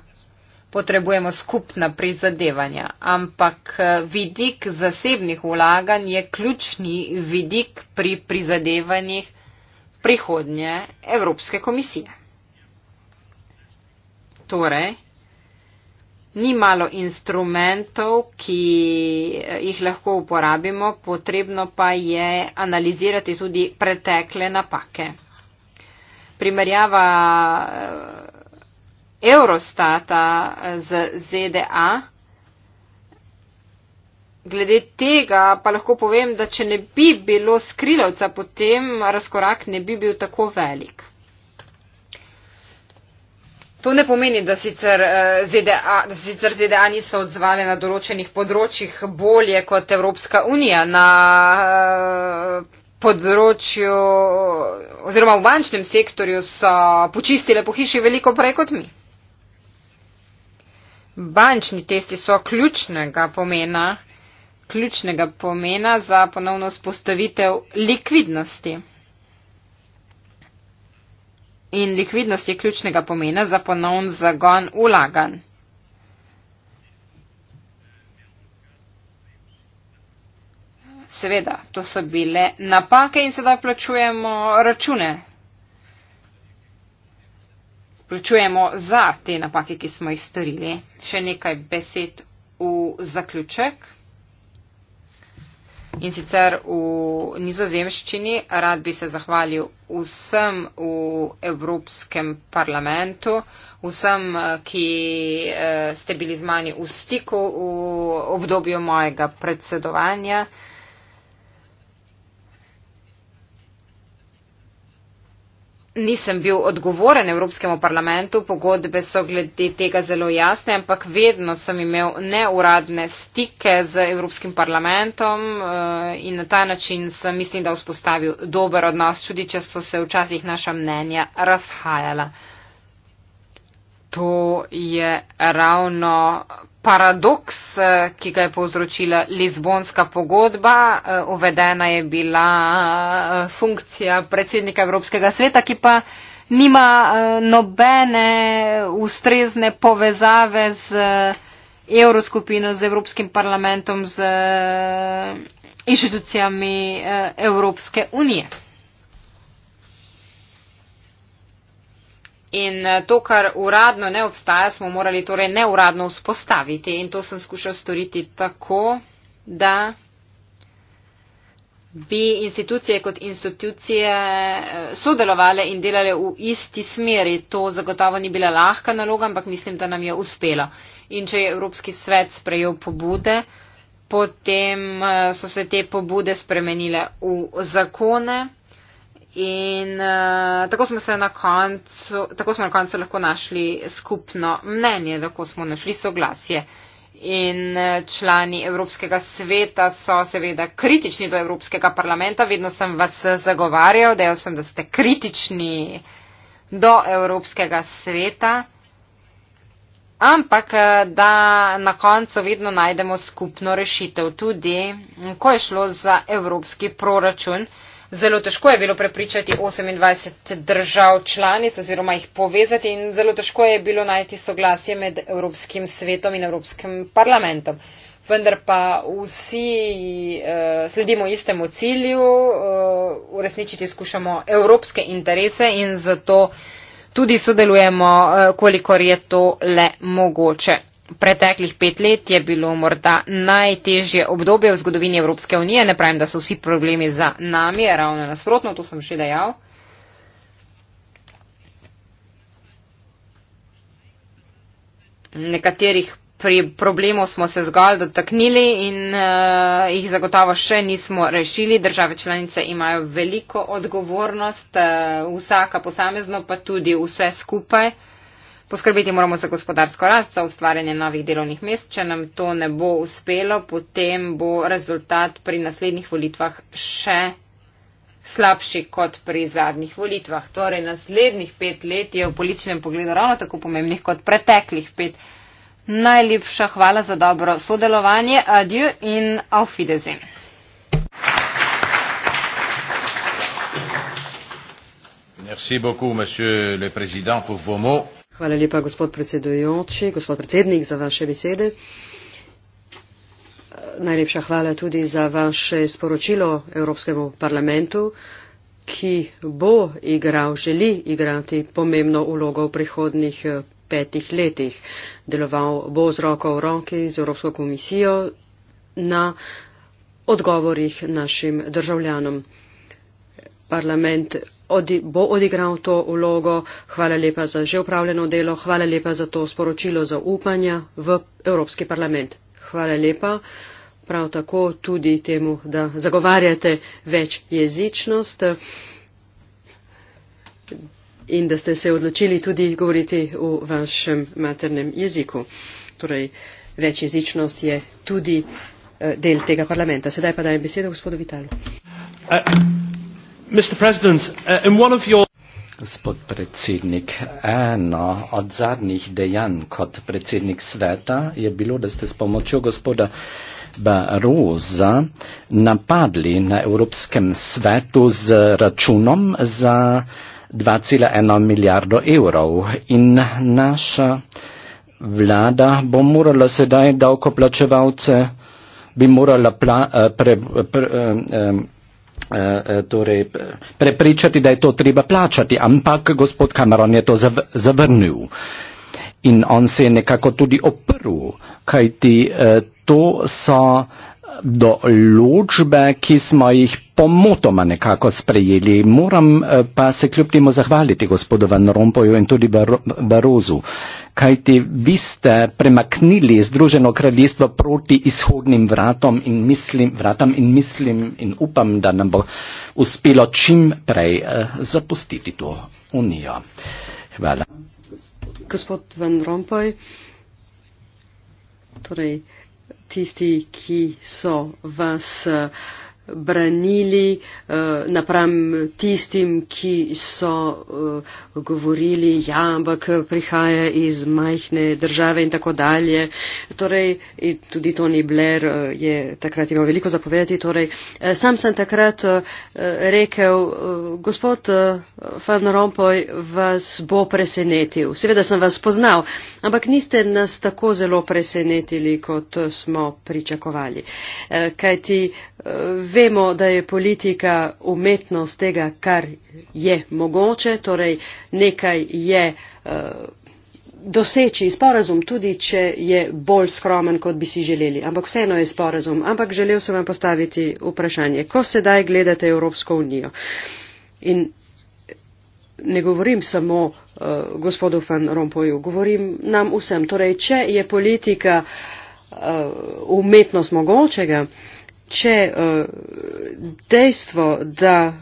potrebujemo skupna prizadevanja, ampak eh, vidik zasebnih ulaganj je ključni vidik pri prizadevanjih prihodnje Evropske komisije. Torej, Ni malo instrumentov, ki eh, jih lahko uporabimo, potrebno pa je analizirati tudi pretekle napake. Primerjava eh, Eurostata eh, z ZDA. Glede tega pa lahko povem, da če ne bi bilo skrilovca, potem razkorak ne bi bil tako velik. To ne pomeni, da sicer, eh, ZDA, da sicer ZDA niso odzvali na določenih področjih bolje kot Evropska unija na eh, področju oziroma v bančnem sektorju so počistile po hiši veliko prej kot mi. Bančni testi so ključnega pomena, ključnega pomena za ponovno spostavitev likvidnosti in likvidnost je ključnega pomena za ponovn zagon ulagan. Seveda, to so bile napake in sedaj plačujemo račune. Plačujemo za te napake, ki smo jih storili. Še nekaj besed v zaključek in sicer v nizozemščini. Rad bi se zahvalil vsem v Evropskem parlamentu, vsem, ki eh, ste bili z mani v stiku v obdobju mojega predsedovanja. nisem bil odgovoren Evropskemu parlamentu, pogodbe so glede tega zelo jasne, ampak vedno sem imel neuradne stike z Evropskim parlamentom eh, in na ta način sem mislim, da vzpostavil dober odnos, tudi če so se včasih naša mnenja razhajala. To je ravno paradoks, eh, ki ga je povzročila Lizbonska pogodba. Eh, uvedena je bila eh, funkcija predsednika Evropskega sveta, ki pa nima nobene ustrezne povezave z Evroskupino, z Evropskim parlamentom, z inštitucijami Evropske unije. In eh, to, kar uradno ne obstaja, smo morali torej neuradno vzpostaviti. In to sem skušal storiti tako, da bi institucije kot institucije eh, sodelovali in delali v isti smeri. To zagotovo ni bila lahka naloga, ampak mislim, da nam je uspelo. In če je Evropski svet sprejel pobude, potem eh, so se te pobude spremenile v zakone. In uh, tako, smo koncu, tako smo na koncu lahko našli skupno mnenje, tako smo našli soglasje. In eh, člani Evropskega sveta so seveda kritični do Evropskega parlamenta. Vedno sem vas zagovarjal, dejal sem, da ste kritični do Evropskega sveta. Ampak, eh, da na koncu vedno najdemo skupno rešitev tudi, ko je šlo za Evropski proračun. Uh, Zelo težko je bilo prepričati 28 držav članic oziroma jih povezati in zelo težko je bilo najti soglasje med Evropskim svetom in Evropskim parlamentom. Vendar pa vsi eh, sledimo istemu cilju, eh, uresničiti skušamo evropske interese in zato tudi sodelujemo, eh, kolikor je to le mogoče preteklih pet let je bilo morda najtežje obdobje v zgodovini Evropske unije. Ne pravim, da so vsi problemi za nami, ravno nasprotno, to sem že dejal. Nekaterih pri problemov smo se zgolj dotaknili in uh, jih zagotovo še nismo rešili. Države članice imajo veliko odgovornost, uh, vsaka posamezno, pa tudi vse skupaj. Uh, Poskrbeti moramo za gospodarsko rast, za ustvarjanje novih delovnih mest. Če nam to ne bo uspelo, potem bo rezultat pri naslednjih volitvah še slabši kot pri zadnjih volitvah. Torej, naslednjih pet let je v političnem pogledu ravno tako pomembnih kot preteklih pet. Najlepša hvala za dobro sodelovanje. Adieu in auf Wiedersehen.
Merci beaucoup, monsieur le président, pour vos mots.
Hvala lepa, gospod predsedujoči, gospod predsednik, za vaše besede. Najlepša hvala tudi za vaše sporočilo Evropskemu parlamentu, ki bo igral, želi igrati pomembno ulogo v prihodnih eh, petih letih. Deloval bo z roko v roki z Evropsko komisijo na odgovorih našim državljanom. Parlament odi, bo odigral to vlogo. Hvala lepa za že upravljeno delo, hvala lepa za to sporočilo zaupanja v Evropski parlament. Hvala lepa prav tako tudi temu, da zagovarjate več jezičnost in da ste se odločili tudi govoriti v vašem maternem jeziku. Torej, več jezičnost je tudi eh, del tega parlamenta. Sedaj pa dajem besedo gospodu Vitalu.
Uh. Uh, Gospod predsednik, ena od zadnjih dejanj kot predsednik sveta je bilo, da ste s pomočjo gospoda Baroza napadli na Evropskem svetu z računom za 2,1 milijardo evrov in naša vlada bo morala sedaj davkoplačevalce, bi morala pla, eh, pre, pre, pre, eh, eh, Eh, eh, torej, prepričati, da je to treba plačati, ampak gospod Cameron je to zav zavrnil. In on se je nekako tudi oprl, kajti eh, to so do ločbe, ki smo jih pomotoma nekako sprejeli. Moram eh, pa se kljub temu zahvaliti gospodu Van Rompuyju in tudi Barozu, kajti vi ste premaknili Združeno kraljestvo proti izhodnim vratom in mislim, vratam in mislim in upam, da nam bo uspelo čim prej eh, zapustiti to unijo. Hvala.
Gospod Van Rompuy, torej tisti, ki so vas uh, branili uh, napram tistim, ki so uh, govorili, ja, ampak eh, prihaja iz majhne države in tako dalje. Torej, tudi Tony Blair uh, je takrat imel veliko zapovedati. Torej, uh, sam sem takrat uh, rekel, uh, gospod uh, Van Rompuy vas bo presenetil. Seveda sem vas poznal, ampak niste nas tako zelo presenetili, kot smo pričakovali. Uh, vemo, da je politika umetnost tega, kar je mogoče, torej nekaj je eh, doseči sporazum, tudi če je bolj skromen, kot bi si želeli. Ampak vseeno je sporazum. Ampak želel sem vam postaviti vprašanje, ko sedaj gledate Evropsko unijo. In ne govorim samo uh, gospodu Van Rompuyju, govorim nam vsem. Torej, če je politika uh, umetnost mogočega, uh, če uh, dejstvo, da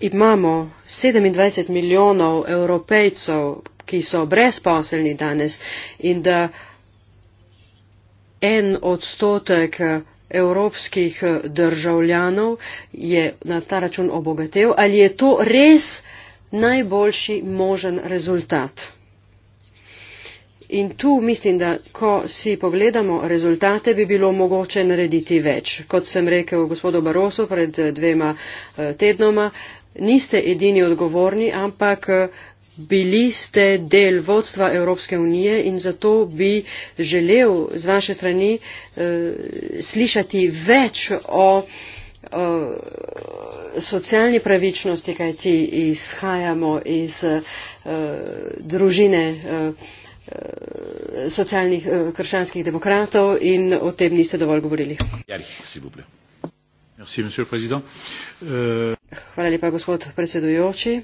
imamo 27 milijonov evropejcev, ki so brezposelni danes in da en odstotek eh, evropskih eh, državljanov je na ta račun obogatev, ali je to res najboljši možen rezultat? in tu mislim da ko si pogledamo rezultate bi bilo mogoče narediti več kot sem rekel gospodu barosu pred eh, dvema eh, tednoma niste edini odgovorni ampak eh, Bili ste del vodstva Evropske unije in zato bi želel z vaše strani eh, slišati več o eh, socialni pravičnosti, kaj ti izhajamo iz eh, družine. Eh, Eh, socialnih eh, krščanskih demokratov in o tem niste dovolj govorili. Ja, eh, Hvala lepa, gospod predsedujoči.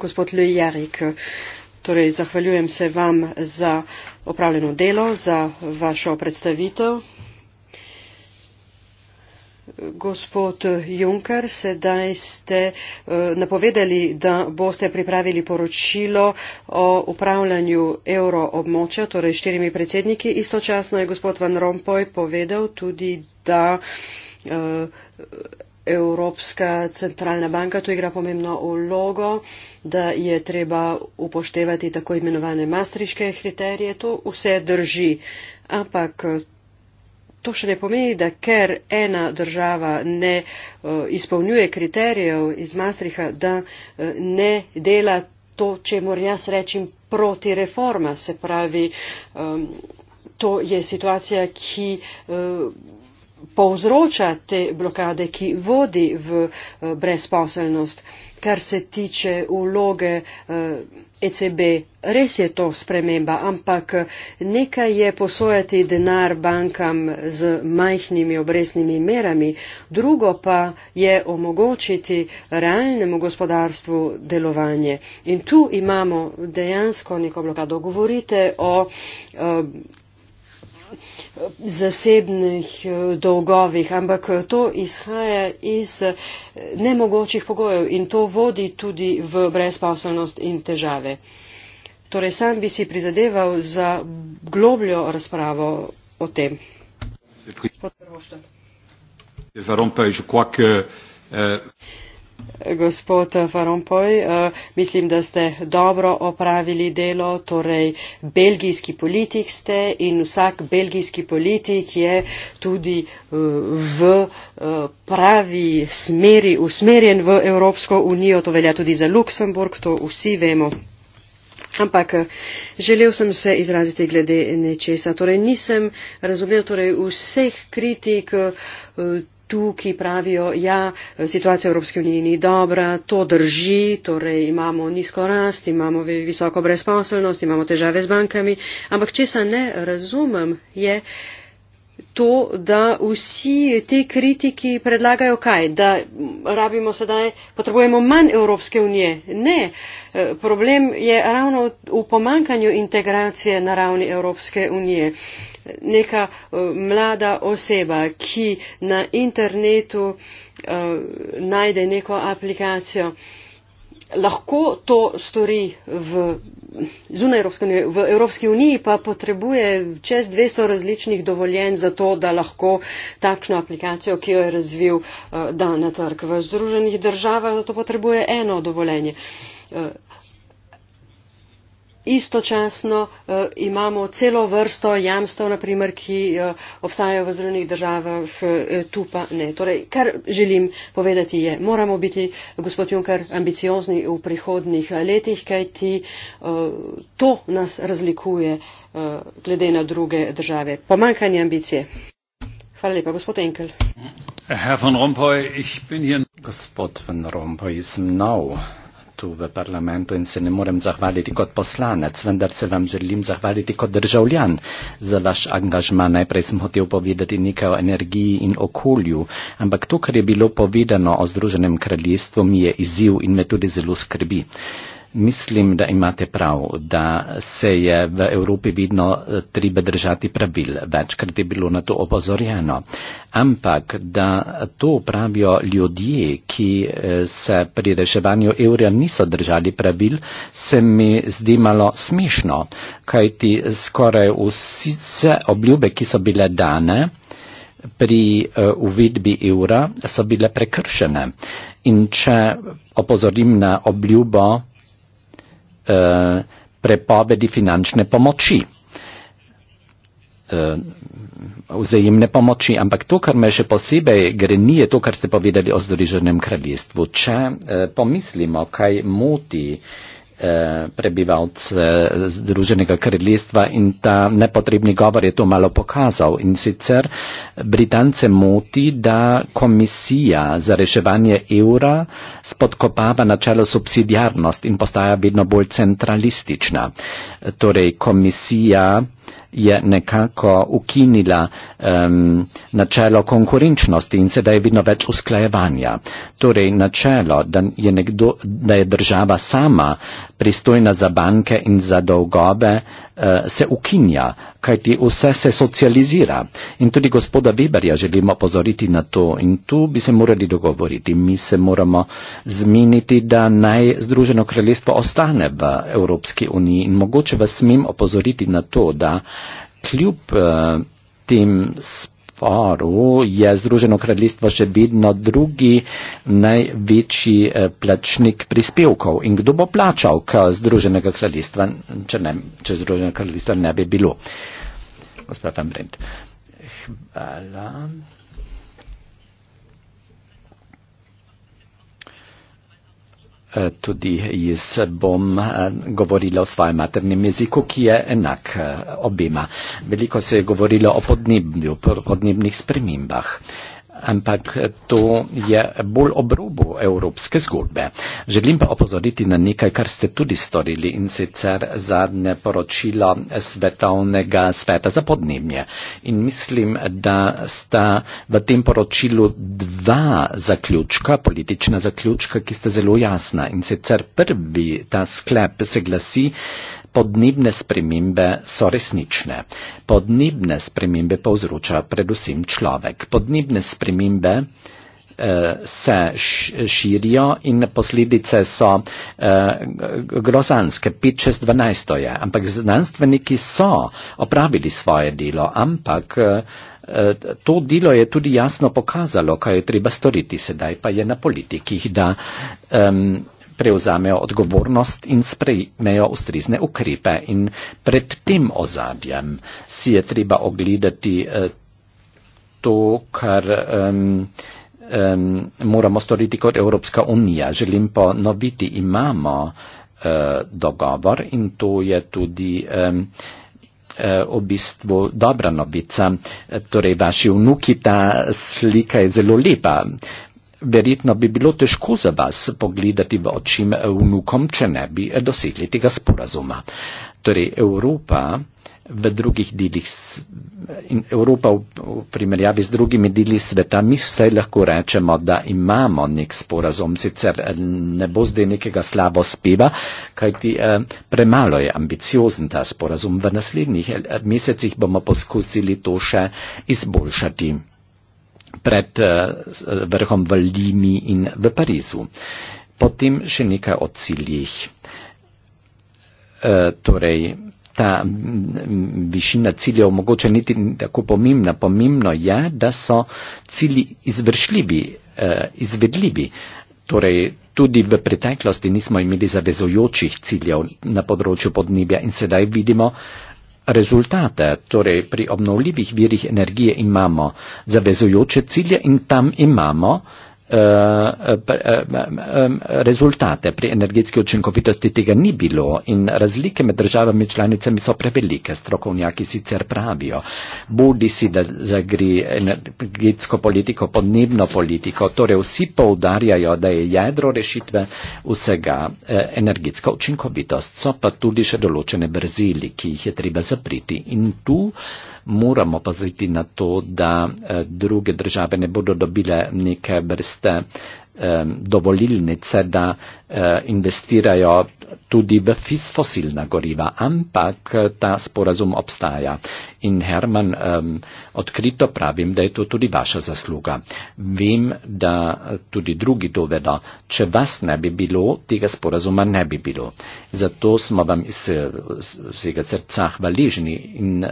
Gospod Le Jarik, torej zahvaljujem se vam za opravljeno delo, za vašo predstavitev. Gospod Juncker, sedaj ste eh, napovedali, da boste pripravili poročilo o upravljanju euroobmočja, torej štirimi predsedniki. Istočasno je gospod Van Rompuy povedal tudi, da eh, Evropska centralna banka tu igra pomembno vlogo, da je treba upoštevati tako imenovane mastriške kriterije. To vse drži. Ampak to še ne pomeni, da ker ena država ne eh, izpolnjuje kriterijev iz Maastrichta, da eh, ne dela to, če moram jaz reči, proti reforma. Se pravi, ehm, to je situacija, ki eh, povzroča te blokade, ki vodi v brezposelnost kar se tiče vloge ECB. Eh, e Res je to sprememba, ampak nekaj je posojati denar bankam z majhnimi obresnimi merami, drugo pa je omogočiti realnemu gospodarstvu delovanje. In tu imamo dejansko neko blokado. Govorite o eh, zasebnih eh, dolgovih, ampak eh, to izhaja iz eh, nemogočih pogojev in to vodi tudi v brezposobnost in težave. Torej, sam bi si prizadeval za globljo razpravo o tem. Gospod Prvošta. Gospod Van Rompuy, eh, mislim, da ste dobro opravili delo, torej belgijski politik ste in vsak belgijski politik je tudi eh, v eh, pravi smeri usmerjen v Evropsko unijo, to velja tudi za Luksemburg, to vsi vemo. Ampak želel sem se izraziti glede nečesa. Torej nisem razumel torej vseh kritik tu, ki pravijo, ja, situacija v Evropski uniji ni dobra, to drži, torej imamo nizko rast, imamo visoko brezposelnost, imamo težave z bankami, ampak česa ne razumem je, to, da vsi te kritiki predlagajo kaj, da rabimo sedaj, potrebujemo manj Evropske unije. Ne, eh, problem je ravno v pomankanju integracije na ravni Evropske unije. Neka eh, mlada oseba, ki na internetu uh, najde neko aplikacijo, uh, lahko to stori v, zunaj Evropske unije, v Evropski uniji, pa potrebuje čez 200 različnih dovoljenj za to, da lahko takšno aplikacijo, ki jo je razvil, eh, da na trg v Združenih državah, zato potrebuje eno dovoljenje. Eh, istočasno uh, imamo celo vrsto jamstev, naprimer, ki uh, obstajajo v zrunih državah, uh, tu pa ne. Torej, kar želim povedati je, moramo biti, gospod Juncker, ambiciozni v prihodnih letih, kajti uh, to nas razlikuje uh, glede na druge države. Pomankanje ambicije. Hvala lepa, gospod Enkel.
Gospod Van Rompuy, sem nov tu v parlamentu in se ne morem zahvaliti kot poslanec, vendar se vam želim zahvaliti kot državljan za vaš angažma. Najprej sem hotel povedati nekaj o energiji in okolju, ampak to, kar je bilo povedano o Združenem kraljestvu, mi je izziv in me tudi zelo skrbi mislim, da imate prav, da se je v Evropi vidno eh, treba držati pravil, večkrat je bilo na to opozorjeno, ampak da to pravijo ljudje, ki eh, se pri reševanju evra niso držali pravil, se mi zdi malo smešno, kajti skoraj vsi se obljube, ki so bile dane, pri eh, uvidbi evra so bile prekršene. In če opozorim na obljubo, Eh, prepovedi finančne pomoči, eh, vzajemne pomoči. Ampak to, kar me še posebej greni, je to, kar ste povedali o Združenem kraljestvu. Če eh, pomislimo, kaj moti Eh, prebivalce Združenega kraljestva in ta nepotrebni govor je to malo pokazal. In sicer Britance moti, da komisija za reševanje evra spodkopava načelo subsidiarnost in postaja vedno bolj centralistična. Torej komisija je nekako ukinila um, načelo konkurenčnosti in sedaj je vidno več usklajevanja. Torej načelo, da je, nekdo, da je država sama pristojna za banke in za dolgove, uh, se ukinja, kajti vse se socializira. In tudi gospoda Weberja želimo pozoriti na to in tu bi se morali dogovoriti. Mi se moramo zmeniti, da naj Združeno kraljestvo ostane v Evropski uniji in mogoče vas smem opozoriti na to, da kljub uh, tem sporu je Združeno kraljestvo še vedno drugi največji uh, plačnik prispevkov. In kdo bo plačal k Združenega kraljestva, če, ne, če Združeno kraljestvo ne bi bilo? Gospod Van Brent. Hvala. Eh, tudi jaz bom eh, govorila o svojem maternem jeziku, ki je enak eh, obima. Veliko se je govorilo o podnebju, podnebnih spremembah ampak eh, to je bolj obrobo evropske zgodbe. Želim pa opozoriti na nekaj, kar ste tudi storili in sicer zadnje poročilo Svetovnega sveta za podnebje. In mislim, da sta v tem poročilu dva zaključka, politična zaključka, ki sta zelo jasna. In sicer prvi ta sklep se glasi, podnebne spremembe so resnične. Podnebne spremembe povzroča predvsem človek. Podnebne spremembe eh, se širijo in posledice so eh, grozanske, 5 čez 12 je, ampak znanstveniki so opravili svoje delo, ampak eh, to delo je tudi jasno pokazalo, kaj je treba storiti, sedaj pa je na politikih, da. Um, prevzamejo odgovornost in sprejmejo ustrezne ukrepe. In pred tem ozadjem si je treba ogledati eh, to, kar. Um, Um, moramo storiti kot Evropska unija. Želim ponoviti, imamo uh, dogovor in to je tudi um, uh, v bistvu dobra novica. Torej, vaši vnuki, ta slika je zelo lepa. Uh, verjetno bi bilo težko za vas pogledati v oči vnukom, če ne bi dosegli tega sporazuma. Torej, Evropa v drugih delih in Evropa v primerjavi z drugimi deli sveta, mi vse lahko rečemo, da imamo nek sporazum, sicer eh, ne bo zdaj nekega slabo speva, kajti eh, premalo je ambiciozen ta sporazum. V naslednjih eh, mesecih bomo poskusili to še izboljšati pred eh, eh, vrhom v Limi in v Parizu. Potem še nekaj o ciljih. Eh, torej, ta višina ciljev mogoče niti tako pomembna. Pomembno je, da so cilji izvršljivi, izvedljivi. Torej, tudi v preteklosti nismo imeli zavezojočih ciljev na področju podnebja in sedaj vidimo, rezultate, torej pri obnovljivih virih energije imamo zavezujoče cilje in tam imamo Eh, eh, eh, rezultate pri energetski učinkovitosti tega ni bilo in razlike med državami članicami so prevelike, strokovnjaki sicer pravijo. Budi si, da zagri energetsko politiko, podnebno politiko, torej vsi poudarjajo, da je jedro rešitve vsega energetska učinkovitost, so pa tudi še določene brzili, ki jih je treba zapriti in tu moramo paziti na to, da eh, druge države ne bodo dobile neke vrste dovolilnice, da eh, investirajo tudi v fosilna goriva, ampak eh, ta sporazum obstaja. In Herman, odkrito pravim, da je to tudi vaša zasluga. Vem, da eh, tudi drugi to vedo. Če vas ne bi bilo, tega sporazuma ne bi bilo. Zato smo vam iz vsega srca hvaležni in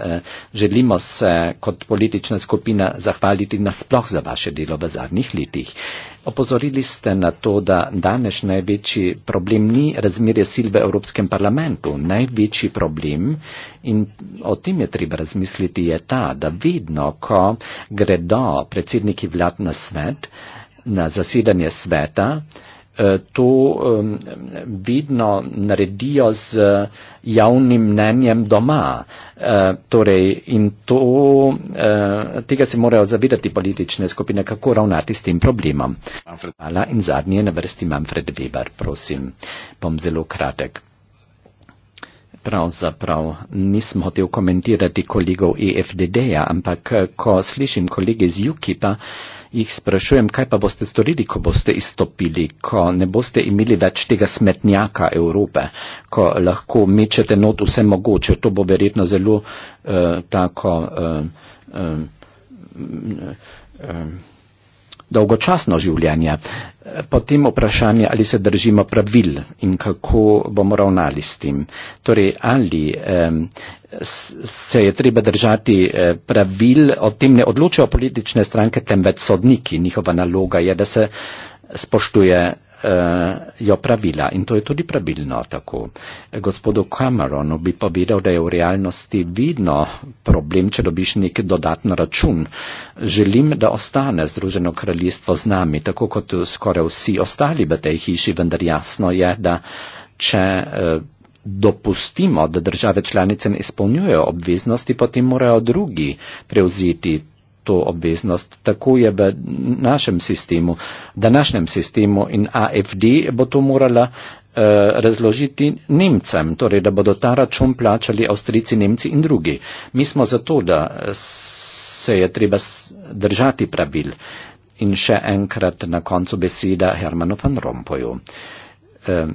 želimo se kot politična skupina zahvaliti nasploh za vaše delo v zadnjih letih. Opozorili ste na to, da danes največji problem ni razmerje sil v Evropskem parlamentu. Največji problem, in o tem je treba razmisliti, je ta, da vedno, ko gredo predsedniki vlad na svet, na zasedanje sveta, Eh, to vedno naredijo z javnim mnenjem doma. Eh, torej, in to, eh, tega se morajo zavedati politične skupine, kako ravnati s tem problemom. Hvala in zadnje na vrsti Manfred Weber, prosim, bom zelo kratek. Pravzaprav nisem hotel komentirati kolegov EFDD-ja, ampak ko slišim kolege iz UKIP-a, jih sprašujem, kaj pa boste storili, ko boste izstopili, ko ne boste imeli več tega smetnjaka Evrope, ko lahko mečete not vse mogoče. To bo verjetno zelo uh, tako. Uh, uh, uh, uh, dolgočasno življenje, potem vprašanje, ali se držimo pravil in kako bomo ravnali s tem. Torej, ali eh, se je treba držati eh, pravil, o tem ne odločajo politične stranke, temveč sodniki. Njihova naloga je, da se spoštuje uh, jo pravila in to je tudi pravilno tako. Gospodu Cameronu bi povedal, da je v realnosti vidno problem, če dobiš nek dodatni račun. Želim, da ostane Združeno kraljestvo z nami, tako kot skoraj vsi ostali v tej hiši, vendar jasno je, da če. Uh, dopustimo, da države članice ne izpolnjujejo obveznosti, potem morajo drugi prevzeti to obveznost. Tako je v našem sistemu, današnjem sistemu in AFD bo to morala eh, razložiti Nemcem, torej da bodo ta račun plačali Avstrijci, Nemci in drugi. Mi smo zato, da se je treba držati pravil. In še enkrat na koncu beseda Hermanu van Rompuju. Ehm,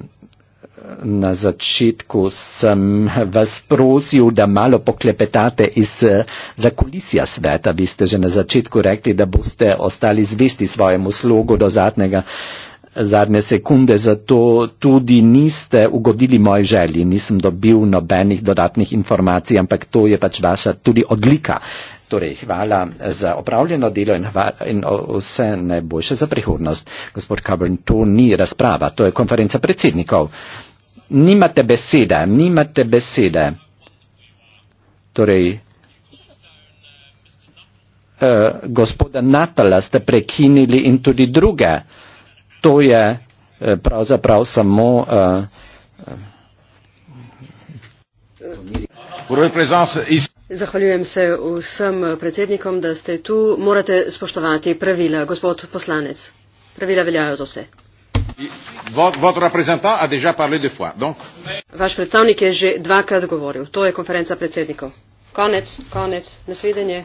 na začetku sem vas prosil, da malo poklepetate iz eh, zakulisja sveta. Vi ste že na začetku rekli, da boste ostali zvesti svojemu slogu do zadnjega, zadnje sekunde, zato tudi niste ugodili moji želji, nisem dobil nobenih dodatnih informacij, ampak to je pač vaša tudi odlika. Torej, hvala za opravljeno delo in, hvala, in vse najboljše za prihodnost. Gospod Coburn, to ni razprava, to je konferenca predsednikov nimate besede, nimate besede. Torej, eh, gospoda Natala ste prekinili in tudi druge. To je eh, pravzaprav samo. Eh, eh
Zahvaljujem se vsem predsednikom, da ste tu. Morate spoštovati pravila, gospod poslanec. Pravila veljajo za vse
votre représentant a déjà parlé deux fois. Donc...
Vaš predstavnik je že dvakrat govoril. To je konferenca predsednikov. Konec, konec, nasvidenje.